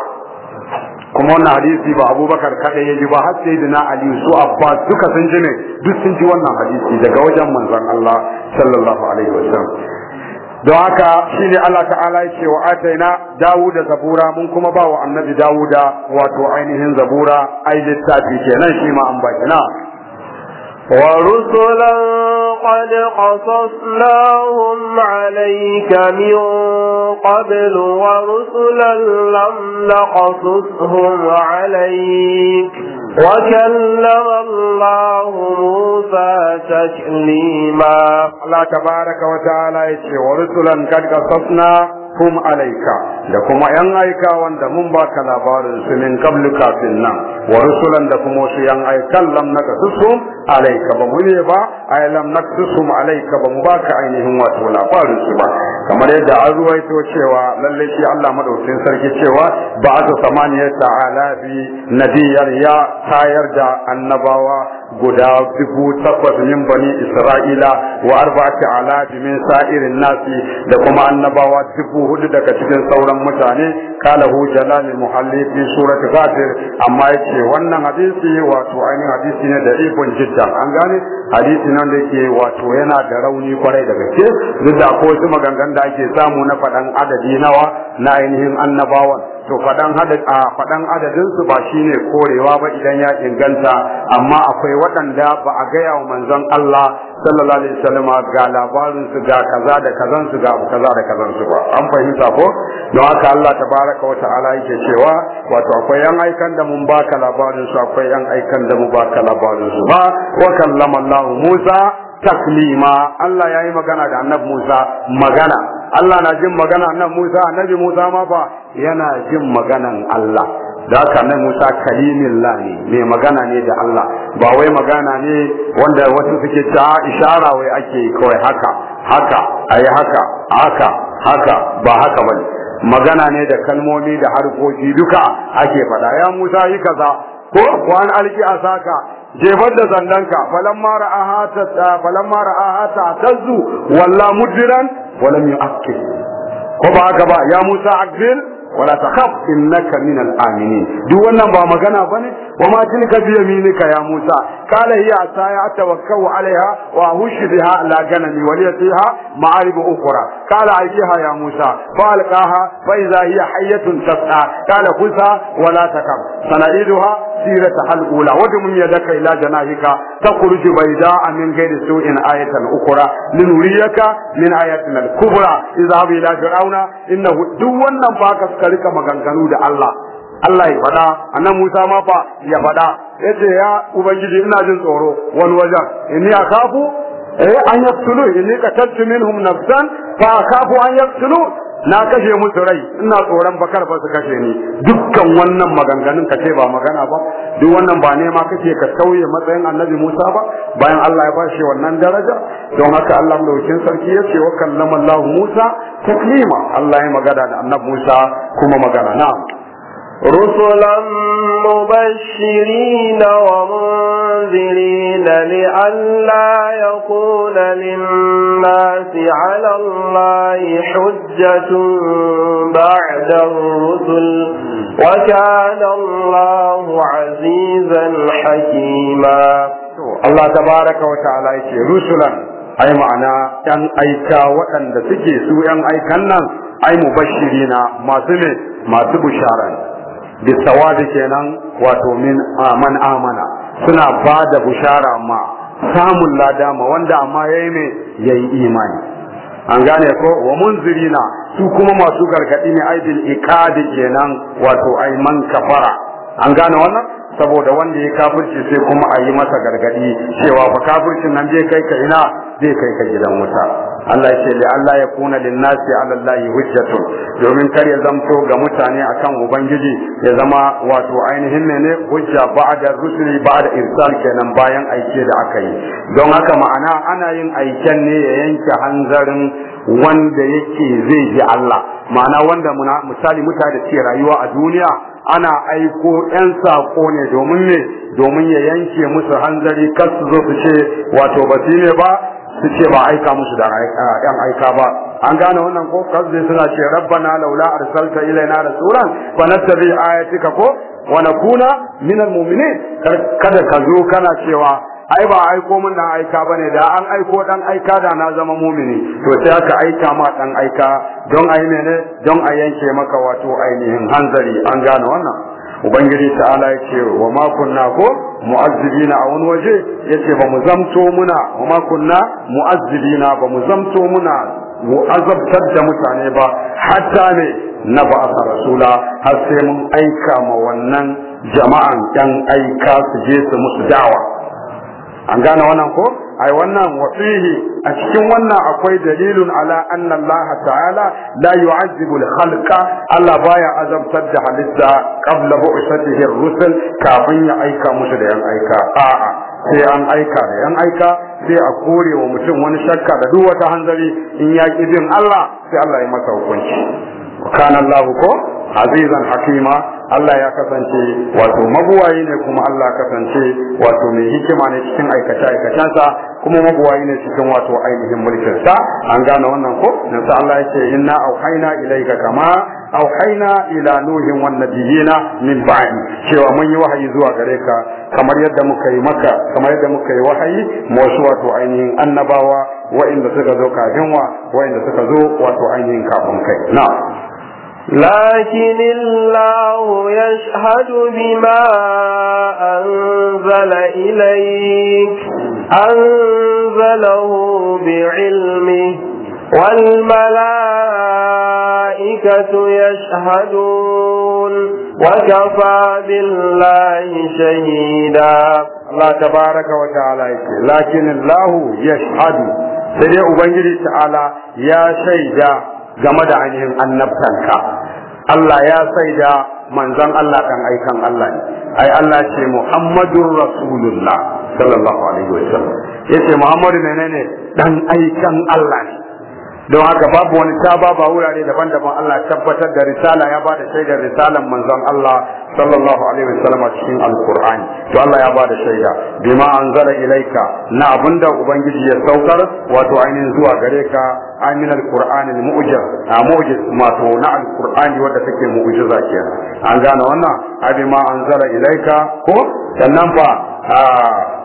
kuma wannan hadisi ba abubakar kaɗai ya ji ba har sai da dina ali su abbas duka sun ji ne duk sun ji wannan hadisi daga wajen manzon Allah sallallahu alaihi wasallam don haka shi ne Allah ta'ala ya ce wa ataina Dawuda zabura mun kuma ba wa annabi Dawuda wato ainihin zabura ai littafi kenan shi ma an bayyana. ورسلا قد قصصناهم عليك من قبل ورسلا لم نقصصهم عليك وكلم الله موسى تكليما الله تبارك وتعالى يتي ورسلا قد قصصناهم عليك da kuma ‘yan aika wanda mun من قبلك labarin su min kablu kafin nan, wa rusulan da kuma wasu ‘yan aikan lam alaika ba mu ne ba ay lam alaika ba mu baka ainihin wato labarin su ba kamar yadda an ruwaito cewa lallai shi Allah madaukin sarki cewa ba ta samaniya Alabi bi ya tayar da annabawa guda dubu takwas min bani isra'ila wa arba'ati Alabi min sa'irin nasi da kuma annabawa dubu hudu daga cikin sauran mutane kalahu jalal muhalli fi surati ghafir amma yace wannan hadisi wato ainihin hadisi ne da ibn jiddan an gane hadisi nan da yake wato yana da rauni kwarai da gaske duk da akwai wasu maganganun da ake samu na faɗan adadi nawa na ainihin annabawan to faɗan faɗan adadin su ba shine korewa ba idan ya inganta amma akwai waɗanda ba a gaya wa manzon Allah sallallahu alaihi wasallam ga labarin su ga kaza da kazan su ga kaza da kazan su ba an fahimta ko don haka Allah tabaraka wa ta'ala yake cewa wato akwai yan aikan da mun baka labarin su akwai yan aikan da mu baka labarin su ba wa kallama Allah Musa taklima Allah ya yi magana da annabi Musa magana Allah na jin magana annabi Musa annabi Musa ma fa yana jin maganan Allah da haka annabi Musa kalimillah ne mai magana ne da Allah ba wai magana ne wanda wasu suke ta ishara wai ake kawai haka haka ayi haka haka haka ba haka ba magana ne da kalmomi da harkoki duka ake faɗa ya Musa yi kaza ko kwan alki asaka jefar da zandanka a ra'aha ta a hata ta tazu walla mudiran, wala lam aske. ko ba haka ba ya Musa akbil wala takhaf innaka minal aminin duk wannan ba magana ne. وما تلك بيمينك يا موسى قال هي عصاي اتوكل عليها واهش بها على غنمي ولي فيها معارب اخرى قال القها يا موسى فالقاها فاذا هي حيه تسعى قال خذها ولا تكف سنعيدها سيرتها الاولى وادم يدك الى جناحك تخرج بيضاء من غير سوء آية أخرى لنريك من آياتنا الكبرى اذهب إلى فرعون إنه دون نفاك سكرك مغنغنو الله Allah ya faɗa annan Musa ma fa ya faɗa yace ya ubangiji ina jin tsoro wani wajen inni akafu eh an yaktulu inni qataltu minhum nafsan fa akafu an yaktulu na kashe musu rai ina tsoron bakar ba su kashe ni dukkan wannan maganganun kace ba magana ba duk wannan ba ne ma kake ka sauye matsayin annabi Musa ba bayan Allah ya bashi wannan daraja don haka Allah mulkin sarki ya ce wa kallama Allah Musa taklima Allah ya magana da annabi Musa kuma magana na'am رسلا مبشرين ومنذرين لئلا يكون للناس على الله حجة بعد الرسل وكان الله عزيزا حكيما الله تبارك وتعالى رسلا أي معنى أن أيكا وأن تجي سوء أن أيكا ai mubashirina masu ne masu bushara da kenan wato min aman amana suna ba da bushara ma samun lada ma wanda amma yayi ya yayi imani an gane ko wa munzirina su kuma masu gargadi ne aibil ikadi kenan wato ai man kafara an gane wannan saboda wanda ya kafirci sai kuma a yi masa gargadi cewa fa kafircin nan bai kai ka ina zai kai ka gidan wuta Allah ya ce li Allah ya kuna lin nasi ala Allah hujjatu domin kar ya zamto ga mutane akan ubangiji ya zama wato ainihin ne hujja ba'da rusuli ba'da irsal kenan bayan aike da aka yi don haka ma'ana ana yin aiken ne ya yanke hanzarin wanda yake zai ji Allah ma'ana wanda misali mutane ke rayuwa a duniya ana aiko yan sako ne domin ne domin ya yanke musu hanzari kar su zo su ce wato ba ne ba su ce ba aika musu da yan aika ba an gane wannan ko kasbe suna ce rabbana laula arsalta ilaina rasulan fa nattabi ayatika ko wa nakuna minal mu'minin kada ka zo kana cewa ai ba aiko mun dan aika bane da an aiko dan aika da na zama mumini to sai aka aika ma dan aika don ai mene don a yanke maka wato ainihin hanzari an gane wannan ubangiji ta'ala yake wa ma kunna ko mu'azzibina a wani waje yace ba mu zamto muna wa ma kunna mu'azzibina ba mu zamto muna azabtar da mutane ba hatta ne na ba a rasula har sai mun aika ma wannan jama'an ɗan aika su je su musu da'awa an gane wannan ko ai wannan wasihi a cikin wannan akwai dalilun ala anna Allah ta'ala la yu'azzibu al-khalqa Allah baya azabtar da halitta qabla bu'satihi ar-rusul kafin ya aika musu da yan aika a'a sai an aika da yan aika sai a kore wa mutum wani shakka da duk wata hanzari in ya bin Allah sai Allah ya masa hukunci kana Allah ko azizan hakima Allah ya kasance wato mabuwayi ne kuma Allah kasance wato mai hikima ne cikin aikace sa kuma mabuwayi ne cikin wato ainihin mulkin sa an gane wannan ko dan sa Allah yake inna auhayna ilayka kama auhayna ila nuhin wan nabiyina min ba'di cewa mun yi wahayi zuwa gare ka kamar yadda muka yi maka kamar yadda muka yi wahayi mu wasu wato ainihin annabawa wa'inda suka zo kafin wa wa'inda suka zo wato ainihin kafin kai na'am لكن الله يشهد بما أنزل إليك أنزله بعلمه والملائكة يشهدون وكفى بالله شهيدا الله تبارك وتعالى لكن الله يشهد سيدي أبنجي تعالى يا شيدا game da ainihin annabtanka Allah ya saida manzon Allah kan aikan Allah ne ai Allah ce Muhammadur Rasulullah sallallahu alaihi wasallam yace Muhammadu menene dan aikan Allah ne don haka babu wani taba ba wurare daban-daban Allah tabbatar da risala ya bada shaidar risalan manzon Allah sallallahu alaihi wasallam cikin alqur'ani to Allah ya bada shaida bima anzala ilaika na abinda ubangiji ya saukar wato ainihin zuwa gare ka amin alqur'ani mujiz a mu'jiz wato na alqur'ani wanda take mu'jiza kenan an gane wannan abima anzala ilaika ko sannan fa ah,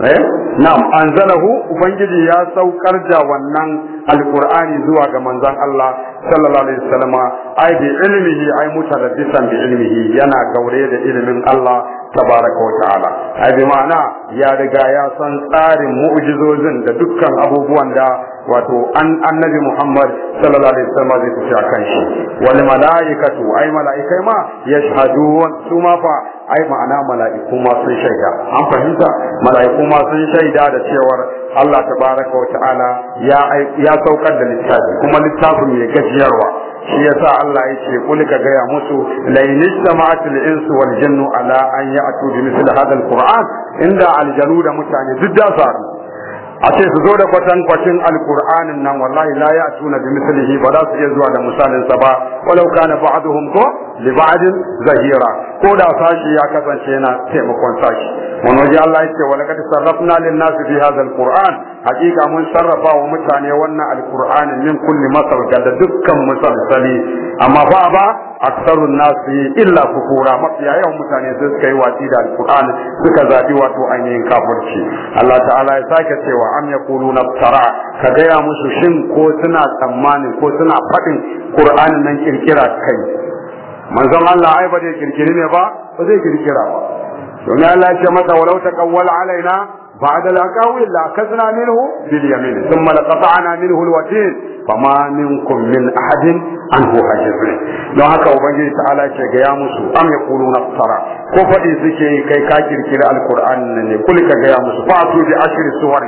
Eh? na'am anzalahu ubangiji ya saukar da wannan alqur'ani zuwa ga manzon Allah sallallahu alaihi wasallama ai bi ilmihi ai mutaraddisan bi ilmihi yana gaure da ilimin Allah tabaraka wa ta'ala a bi ma'ana ya riga ya san tsarin mu'jizozin da dukkan abubuwan da wato an annabi Muhammad sallallahu alaihi wasallam zai tafi akan shi wal malaikatu ai malaikai ma yashhadun su ma fa ai ma'ana malaiku ma sun shaida an fahimta malaiku ma sun shaida da cewar Allah tabaraka wa ta'ala ya ya saukar da littafi kuma littafin mai gajiyarwa shi yasa Allah ce kuli ka gaya musu la inistama'at al-insu wal jinnu ala an ya'tu bi misl hadha al-qur'an inda aljanu da mutane duk da su a ce su zo da kwatan kwacin alkur'anin nan wallahi la ya tuna bi mislihi ba za su iya zuwa da misalin sa ba walau kana ba'duhum ko li ba'din zahira ko da sashi ya kasance yana taimakon sashi wani waje Allah yake wa laqad sarrafna lin nas fi hadha al-Qur'an hakika mun sarrafa wa mutane wannan alquran min kulli masal da dukkan sali, amma ba ba aksarun nas illa kufura mafiya yawan mutane sun suka yi wati da alquran suka zabi wato ainihin kafirci Allah ta'ala ya sake cewa am yaquluna tara ka gaya musu shin ko suna tsammani ko suna fadin Qur'an nan kirkira kai manzon Allah ai ba zai kirkiri ne ba ba zai kirkira ba domin Allah ya ce masa walau taqawwal alaina ba'da al-aqawil la kasna minhu bil yamin thumma laqata'na minhu al-watin fama minkum min ahadin anhu hajizin don haka ubangiji ta'ala ce ga ya musu am yaquluna tsara ko fadi suke kai ka kirkira alqur'ani ne kulka ga ya musu su bi ashri suwar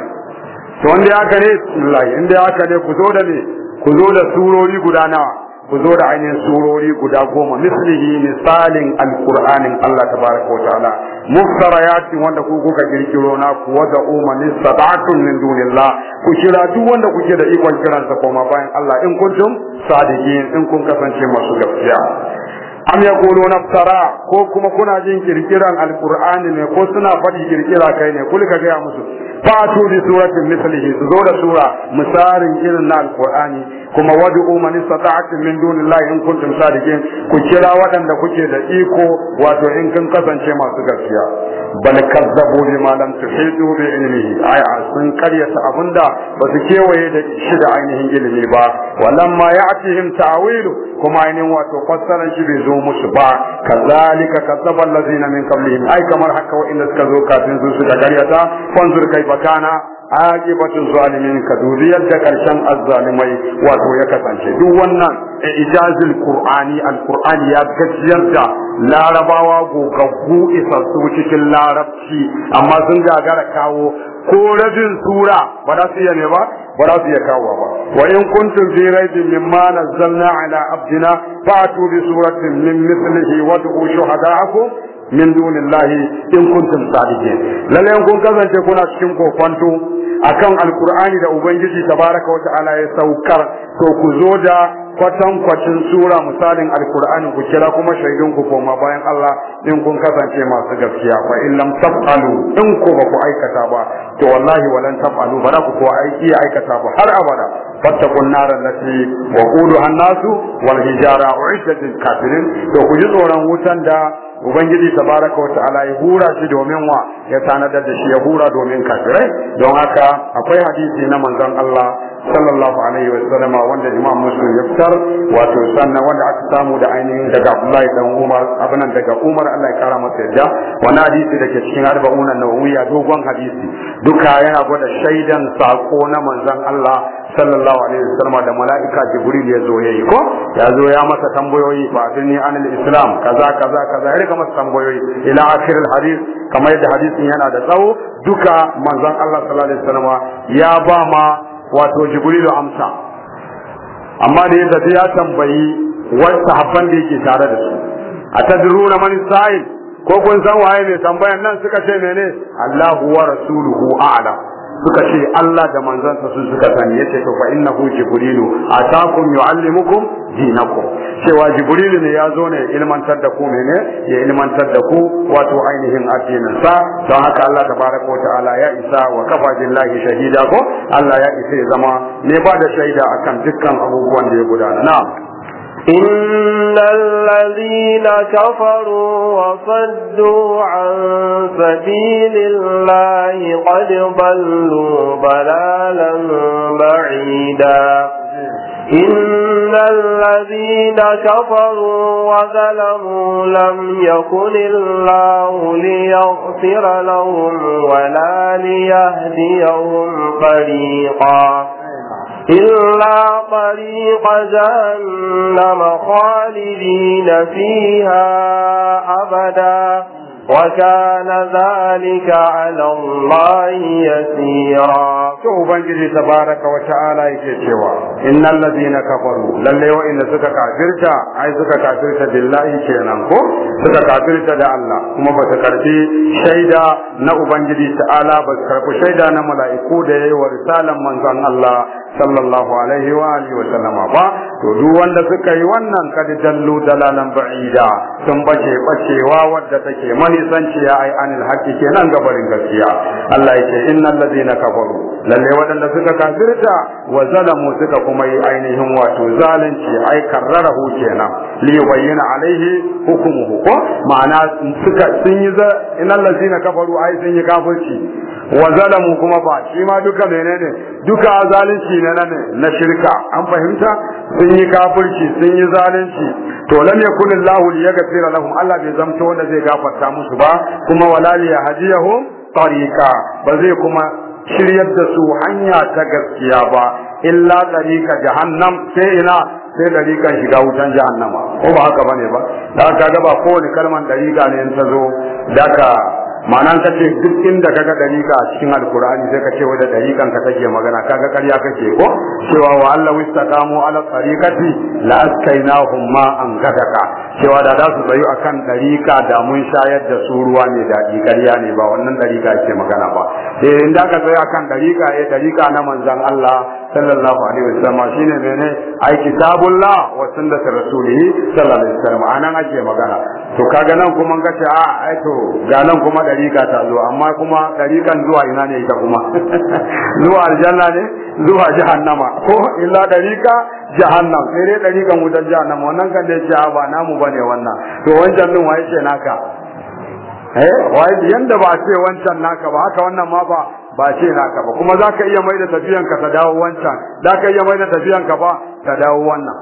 to wanda ya kare bismillah inda ya ne ku zo da ne ku zo da surori guda nawa ku zo da ainihin surori guda goma mislihi misalin alqur'anin Allah tabaraka wa ta'ala muftarayatin wanda ku kuka kirkiro na ku wada umani sabatun min dunillah ku kira duk wanda kuke da ikon kiransa koma bayan Allah in kuntum sadiqin in kun kasance masu gaskiya am yaquluna naftara ko kuma kuna jin kirkiran alqur'ani ne ko suna faɗi kirkira kai ne kuli ka gaya musu tu bi surati mislihi su zo da sura misalin irin na alqur'ani kuma wad'u man istata'tum min dunillahi in kuntum sadiqin ku kira waɗanda kuke da iko wato in kun kasance masu gaskiya bal kazzabu bima lam tuhidu bi ilmihi ay sun karyata abunda ba su kewaye da shi da ainihin ilimi ba walamma ya'tihim ta'wilu kuma ainihin wato fassaran shi bai zo biyo musu ba kazalika kasaba allazina min qablihim ai kamar haka wa'inda suka zo kafin su suka karyata fanzur kaifa kana aqibatu zalimin ka dubi yadda karshen azzalimai wato ya kasance duk wannan ijazul qur'ani alqur'ani ya gajiyar da larabawa gogaggu isassu cikin larabci amma sun gagara kawo ko rabin sura ba da su ne ba ba za su iya kawo ba wa in kuntum fi raibin mimma nazzalna ala abdina fa'tu bi suratin min mithlihi wad'u shuhada'akum min dunillahi in kuntum sadiqin lalle kun kasance kuna cikin kokonto akan alqur'ani da ubangiji tabaraka wa ta'ala ya saukar to ku zo da kwatin sura misalin alqur'ani ku kira kuma shaidun ku koma bayan Allah in kun kasance masu gaskiya fa in lam taf'alu in ku ba ku aikata ba to wallahi walan taf'alu ba ku ko aiki aikata ba har abada فاتقوا النار التي وقودها الناس والحجارة أعدت kafirin, to ku ji tsoron wutan da ubangiji tabaraka wa ta'ala ya hura shi domin wa ya tanadar da shi ya hura domin kafirai don haka akwai hadisi na manzon Allah sallallahu alaihi wa sallama wanda imam muslim ya fitar wato sannan wanda aka samu da ainihin daga abdullahi dan umar abinan daga umar Allah ya kara masa yadda wani hadisi da ke cikin arba'una nawawiya dogon hadisi duka yana gwada shaidan sako na manzon Allah sallallahu alaihi wa wasallam da mala'ika jibril ya zo yayi ko ya zo ya masa tambayoyi fa ni anil islam kaza kaza kaza ya rika masa tambayoyi ila akhir al hadith kamar yadda hadisin yana da tsawo duka manzon Allah sallallahu alaihi wasallam ya ba ma wato jibrilu amsa amma da ya ya tambayi wata sahabban da yake tare da su a tadruna man sa'il ko kun san waye mai tambayan nan suka ce mene Allahu wa rasuluhu ala suka ce Allah da manzansa su suka sani yace to fa innahu jibrilu atakum yuallimukum dinakum cewa jibrilu ne ya zo ne ilmantar da ku ne ya ilmantar da ku wato ainihin addinin sa don haka Allah tabaraka wa ta'ala ya isa wa kafa billahi shahida ko Allah ya isa ya zama ne ba da shaida akan dukkan abubuwan da ya gudana na'am إن الذين كفروا وصدوا عن سبيل الله قد ضلوا ضلالا بعيدا إن الذين كفروا وظلموا لم يكن الله ليغفر لهم ولا ليهديهم طريقا إلا طريق جهنم خالدين فيها أبداً وكان ذلك على الله يسيرا شو بنجي تبارك وتعالى يكتشوا إن الذين كفروا للي وإن سكا كافرتا أي سكا كافرتا بالله كينان كو سكا كافرتا دا الله كما بتكرتي شيدا نأو بنجي تعالى بتكرتي شيدا نملائكو دي ورسالا من الله صلى الله عليه وآله وسلم با to duk wanda suka yi wannan kad dallu dalalan ba'ida sun bace bacewa wadda take manisanciya ai anil haqqi kenan gabarin gaskiya Allah yake innal ladina kafaru lalle wadanda suka kafirta wa zalamu suka kuma yi ainihin wato zalunci ai karrarahu kenan li bayyana alaihi hukumuhu ko ma'ana suka sun yi innal ladina kafaru ai sun yi kafirci wa zalamu kuma ba shi ma duka menene duka zalunci ne na shirka an fahimta sun yi kafirci sun yi zalunci to lam yakun Allahu liyaghfira lahum Allah bai zamto wanda zai gafarta musu ba kuma wala liyahdiyahum tariqa ba zai kuma shiryar da su hanya ta gaskiya ba illa tariqa jahannam sai ina sai dariƙan shiga wutan jahannama ko ba haka bane ba da ka ga ba kowane kalman dariƙa ne ta zo daga ma'ana ka ce duk inda kaga ɗarika a cikin alkur'ani sai ka ce wa da dariƙan ka take magana kaga ƙarya kake ko cewa wa Allah wistaqamu ala tariqati la askainahum an gadaka cewa da za su tsayu akan ɗarika da mun shayar da su ruwa ne da ƙarya ne ba wannan dariƙa ce magana ba sai eh, in da ka tsayu akan ya eh dariƙa na manzon Allah sallallahu alaihi wasallam shine mene ai kitabullah wa sunnatu rasulih sallallahu alaihi wasallam anan ake magana to kaga nan kuma ga ce a ah, ai to ga nan kuma dariqa ta zo amma kuma dariqan zuwa ina ne ita kuma zuwa aljanna ne zuwa jahannama ko illa dariqa jahannam sai dai dariƙan wutar jahannama wannan kan da ya ah, ba namu bane wannan to wancan din waye ce naka eh wai yanda ba ce wancan naka ba haka wannan ma ba ba ce naka ba kuma za ka iya mai da tafiyanka ta dawo wancan za ka iya mai da tafiyanka ba ta dawo wannan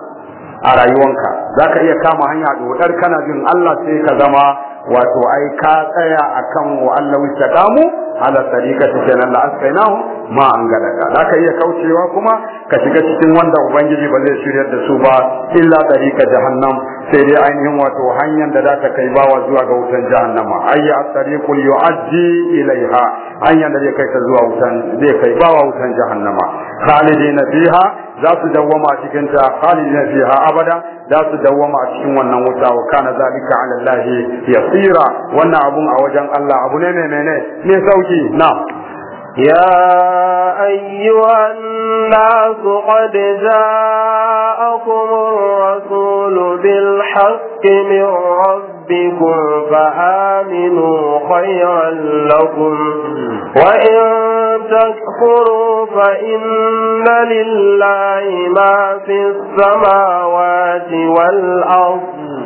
a rayuwanka za ka iya kama hanya dodar kana jin Allah sai ka zama wato ai ka tsaya akan wa Allah wistaqamu ala tariqati kenan la askainahu ma an galaka. za ka iya kaucewa kuma ka shiga cikin wanda ubangiji ba zai shiryar da su ba illa tariqa jahannam sai dai ainihin wato hanyar da zaka ta kai bawa zuwa ga wutan jahannama ayya at-tariqul yu'addi ilaiha hanyar da zai kai ka zuwa wutan zai kai bawa wutan jahannama khalidina fiha za su dawwama a cikin ta khalidina fiha abada za su dawwama a cikin wannan wuta wa kana zalika ala Allah yasira wannan abun a wajen Allah abu ne mai mene ne sauki na يا أيها الناس قد جاءكم الرسول بالحق من ربكم فآمنوا خيرا لكم وإن تكفروا فإن لله ما في السماوات والأرض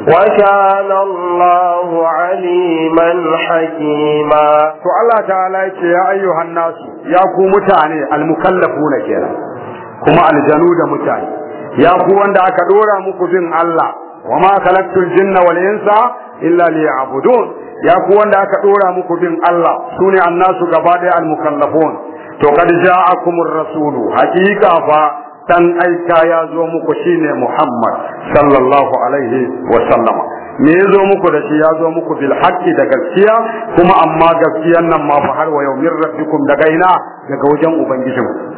وكان الله عليما حكيما الله تعالى يا أيها الناس يا متعني المكلفون كنا كما الجنود متعني يا قوم دعك دورا مكفين الله وما خلقت الجن والإنس إلا ليعبدون ya ku wanda aka dora muku bin Allah sune annasu gaba da almukallafun to kad ja'akumur rasulu hakika fa dan aika ya zo muku shine Muhammad sallallahu alaihi wa sallama me ya zo muku da shi ya zo muku bil haqqi da gaskiya kuma amma gaskiyan nan ma fa har wa yawmir rabbikum daga ina daga wajen ubangijinku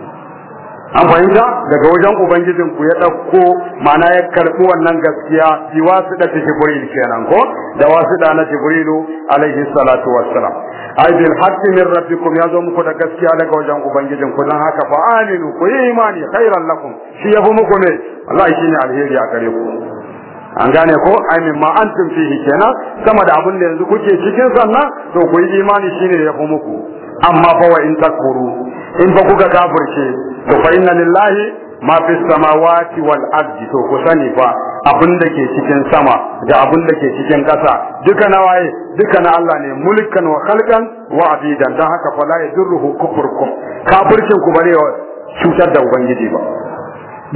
an fahimta daga wajen ubangijin ku ya ɗauko mana ya karɓi wannan gaskiya bi wasu da ta jibril kenan ko da wasu da na jibrilu alaihi salatu wassalam ai bil haqqi min rabbikum ya zo muku da gaskiya daga wajen ubangijin ku dan haka fa aminu ku yi imani khairan lakum shi yafi muku ne wallahi ne alheri a gare ku an gane ko ai min ma antum fihi kenan sama da abin da yanzu kuke cikin sannan to ku yi imani shine yafi muku amma fa wa in takfuru in ba kuka kafirce to fa inna lillahi ma fi samawati wal ardi to ku sani fa abin da ke cikin sama da abin da ke cikin ƙasa duka na waye duka na Allah ne mulkan wa khalqan wa abidan dan haka fa la yadurruhu kufrukum kafircin ku bare cutar da ubangiji ba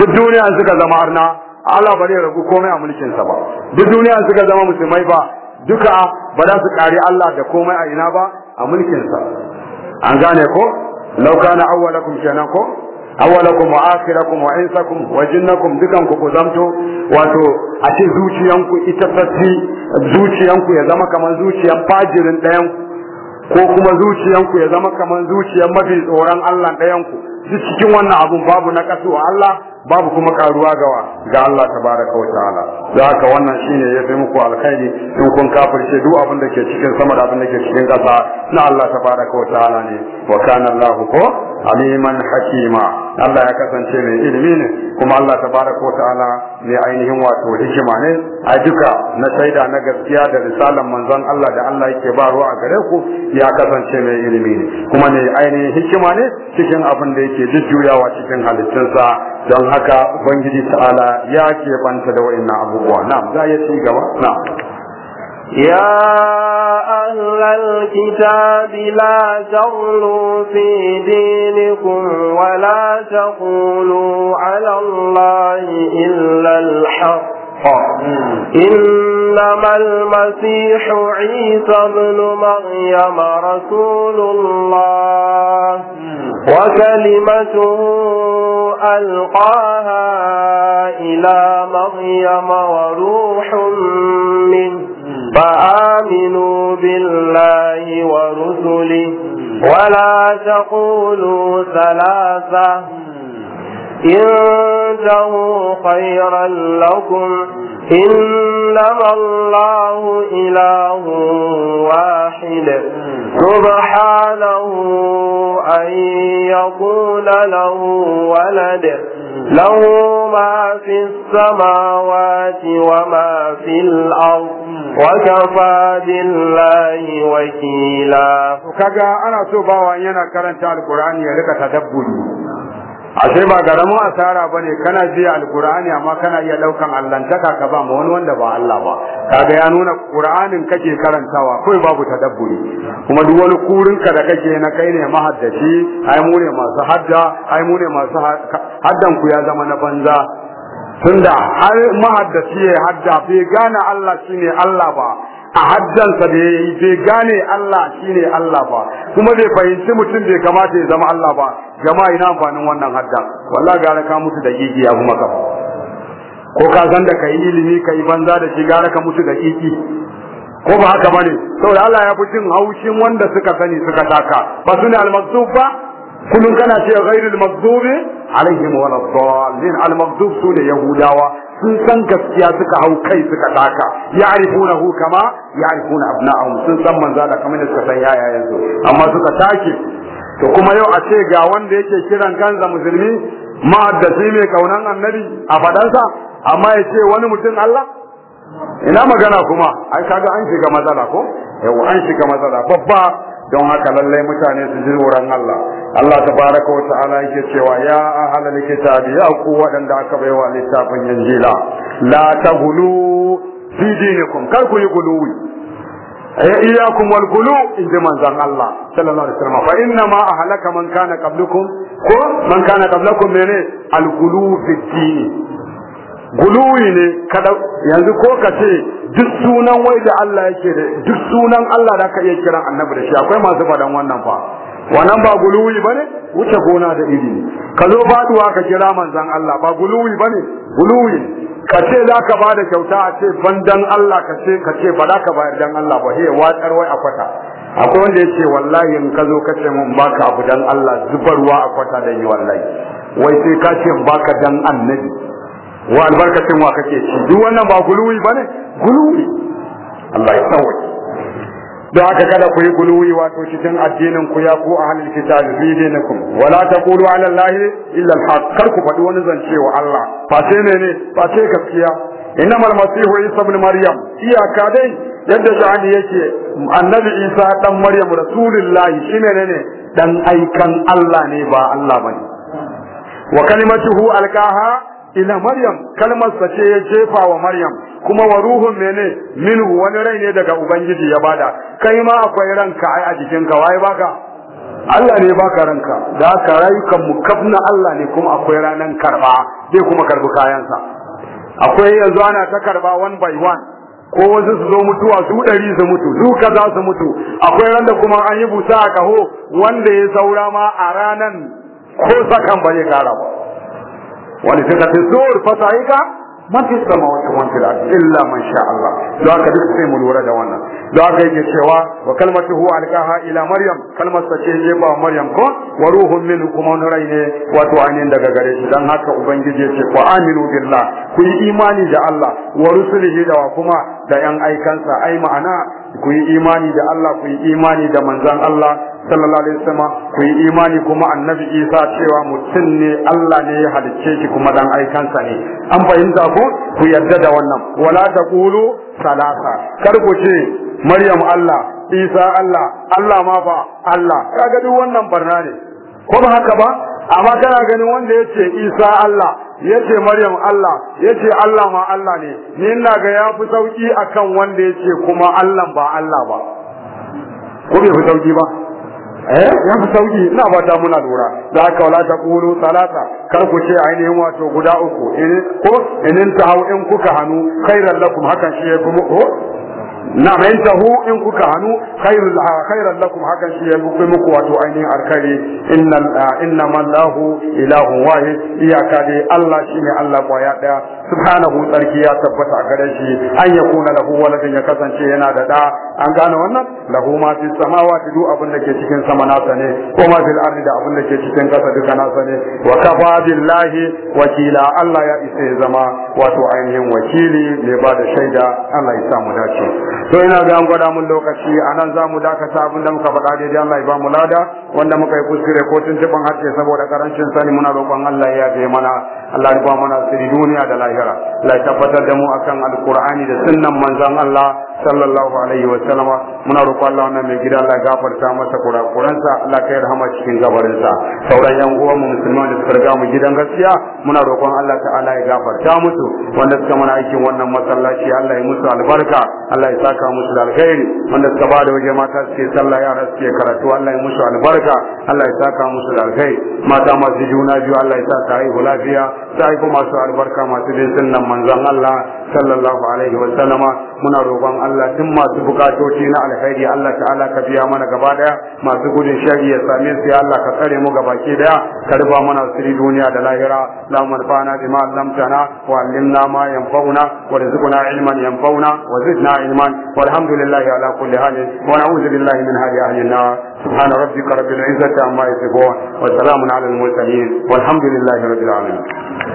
duk duniya suka zama arna Allah bare ragu komai a mulkin sa ba duk duniya suka zama musulmai ba duka ba za su kare Allah da komai a ina ba a mulkin sa an gane ko لو كان awwalakum kenan ko awwalakum wa وجنكم دكان كو زمتو واتو dukan ku zamto wato a zuciyanku ita fasi zuciyanku ya zama zuciyan ko kuma zuciyanku ya zama kamar zuciyan mafi tsoron Allah ɗayan duk cikin wannan abun babu na kasuwa Allah babu kuma karuwa gawa ga Allah ta tabaraka wa ta'ala da ka wannan shine ya fi muku alkhairi in kun kafirce duk abin da ke cikin sama da abin da ke cikin ƙasa na Allah tabaraka wa ta'ala ne wa kana Allah ko aliman hakima Allah ya kasance mai ilimi ne kuma Allah tabaraka wa ta'ala mai ainihin wato hikima ne a duka na shaida na gaskiya da risalan manzon Allah da Allah yake ba ruwa a gare ku ya kasance mai ilimi ne kuma ne ainihin hikima ne cikin abin da yake jujjuyawa cikin halittunsa don haka ubangiji ta'ala ya ke banta da na abu. abubuwa na'am za ya ci gaba na'am يا أهل الكتاب لا تغلوا في دينكم ولا تقولوا على الله إلا الحق إنما المسيح عيسى ابن مريم رسول الله وكلمته ألقاها إلى مريم وروح منه فآمنوا بالله ورسله ولا تقولوا ثلاثة انتهوا خيرا لكم إنما الله إله واحد سبحانه أن يقول له ولد له ما في السماوات وما في الأرض وكفى بالله وكيلا kaga ana so bawa yana karanta alkur'ani ya rika tadabburi ashe ba garamin asara bane kana ji alqur'ani amma kana iya daukan allantaka ka ba mu wani wanda ba Allah ba kaga ya nuna qur'anin kake karantawa kai babu tadabburi kuma duk wani kurin ka da kake na kai ne mahaddaci ai mu ne masu hadda ai mu ne masu haddan ku ya zama na banza tunda har mahaddaci ya hadda bai gane Allah shine Allah ba a haddansa da yayi bai gane Allah shi ne Allah ba kuma bai fahimci mutum bai kamata ya zama Allah ba jama'a ina amfanin wannan haddan wallah gara ka mutu da kiki ya kuma ka ko ka san da kai ilimi kai banza da shi gara ka mutu da kiki? ko ba haka bane saboda Allah ya fi jin haushin wanda suka sani suka taka ba ne al-maktub ba kullum kana ce ghairul maghdubi alaihim waladdallin al-maghdubi yahudawa sun san gaskiya suka hau kai suka daka ya'rifunahu kama ya'rifuna abna'ahum sun san manzo da kamar suka san yaya yanzu amma suka take to kuma yau a ce ga wanda yake kiran kansa musulmi ma'addasi mai kaunan annabi a fadansa amma ya ce wani mutum Allah ina magana kuma ai kaga an shiga matsala ko yau an shiga matsala babba don haka lallai mutane su ji wurin Allah Allah ta baraka wa ta'ala yake cewa ya ahlal kitab ya ku waɗanda aka baiwa littafin injila la taghulu fi dinikum kar ku yi guluwi eh, iyakum wal gulu in ji manzon Allah sallallahu alaihi wasallam fa inna ma ahlaka man kana qablukum ko man kana qablukum mene al gulu fi dini guluwi ne kada yanzu ko ka ce duk sunan wai da Allah yake da duk sunan Allah da ka iya kiran annabi da shi akwai masu fadan wannan fa wannan ba guluwi bane wuce gona da iri ka zo faduwa ka kira manzon Allah ba guluwi bane guluwi ka ce za ka ba da kyauta a ce ban dan Allah ka ce ka ce ba za ka bayar dan Allah ba he watsar wai a kwata akwai wanda ya wallahi in ka zo ka ce mun baka abu dan Allah zubarwa a kwata da yi wallahi wai sai ka ce baka dan annabi wa albarkacin wa kake ci duk wannan ba guluwi ba ne? guluwi Allah ya sauke da haka kada ku yi guluwi wato cikin addinin ku ya ku ahlul kitab fi dinikum wala taqulu ala allahi illa alhaq kar ku faɗi wani zance wa Allah ba sai ne ba sai gaskiya innamal masihu isa ibn maryam iyaka dai yadda sha'ani yake annabi isa dan maryam rasulullahi shi menene dan aikan Allah ne ba Allah bane wa kalimatuhu alqaha Ina maryam kalmar sa ce ya jefa wa maryam kuma wa ruhun mene min wani rai ne daga ubangiji ya bada kai ma akwai ranka ai a ka wai baka Allah ne baka ranka da haka rayukan mu kafna Allah ne kuma akwai ranan karba zai kuma karbi kayansa akwai yanzu ana ta karba one by one ko wasu su zo mutuwa su ɗari su mutu su kaza su mutu akwai randa kuma an yi busa a kaho wanda ya saura ma a ranan ko sakan ba zai kara ولثقة الزور فتعيك man fi samawati wa fil ardi illa man Allah don haka duk sai mu lura da wannan don haka yake cewa wa kalmatu huwa alqaha ila maryam kalmar sa ce je maryam ko wa ruhun min rai ne wato ainihin daga gare shi dan haka ubangiji ce fa aminu billah ku yi imani da Allah wa rusulihi da kuma da yan aikansa ai ma'ana ku yi imani da Allah ku yi imani da manzon Allah sallallahu alaihi wasallam ku yi imani kuma annabi Isa cewa mutum ne Allah ne ya halicce shi kuma dan aikansa ne an fahimta ko ku yarda da wannan wala taqulu salasa kar ku ce Maryam Allah Isa Allah Allah ma fa Allah kaga duk wannan barna ne ko ba haka ba amma kana ganin wanda yace Isa Allah yace Maryam Allah yace Allah ma Allah ne ni ina ga ya fi sauki akan wanda yace kuma Allah ba Allah ba ko bai fi sauki ba eh ya fi sauki ina ba ta muna lura za ka wala ta kulu salata kar ku ce ainihin wato guda uku in ko in ta hau in kuka hanu khairan lakum hakan shi ya kuma ko na mai hu in kuka hanu khairul khairan lakum hakan shi ya kuma muku wato ainihin arkari inna inna man lahu ilahun wahid iyaka dai Allah shine Allah kwaya daya subhanahu tsarki ya tabbata a gare shi an kuna lahu waladin ya kasance yana da da an gane wannan lahu ma fi samawati duk abin da ke cikin sama nasa ne ko ma fil ardi da abin da ke cikin kasa duka nasa ne wa kafa billahi wakila Allah ya isa ya zama wato ainihin wakili mai ba da shaida Allah ya samu dace to ina ga an gwada mun lokaci anan zamu dakata abin da muka faɗa daidai Allah ya ba mu lada wanda muka yi kuskure ko tuntuban harshe saboda karancin sani muna roƙon Allah ya yafe mana Allah ya ba mana sirri duniya da lafiya lahira la tabbatar da mu akan alqur'ani da sunnan manzon Allah sallallahu alaihi wa sallama muna roƙo Allah wannan mai gida Allah gafarta masa kurakuransa Allah kai rahama cikin gabarinsa sauran yan uwan mu musulman da suka riga mu gidan gaskiya muna roƙon Allah ta'ala ya gafarta musu wanda suka mana aikin wannan masallaci Allah ya musu albarka Allah ya saka musu da alkhairi wanda suka ba da waje mata suke sallah yara suke karatu Allah ya musu albarka Allah ya saka musu da alkhairi mata masu juna biyu Allah ya sa ta haihu lafiya ta haihu masu albarka masu bin sunnan manzon Allah sallallahu alaihi wa sallama muna roƙon Allah Allah tun masu bukatoci na alkhairi Allah ta'ala ka biya mana gaba daya masu gudun shari ya same su ya Allah ka tsare mu gaba ki daya ka rufa mana sirri duniya da lahira la manfa'ana bima allamtana wa allimna ma yanfa'una wa rizquna ilman yanfa'una wa zidna ilman walhamdulillahi ala kulli halin wa na'udzu billahi min hali ahli an-nar سبحان ربك رب العزة عما يصفون وسلام على المرسلين والحمد لله رب العالمين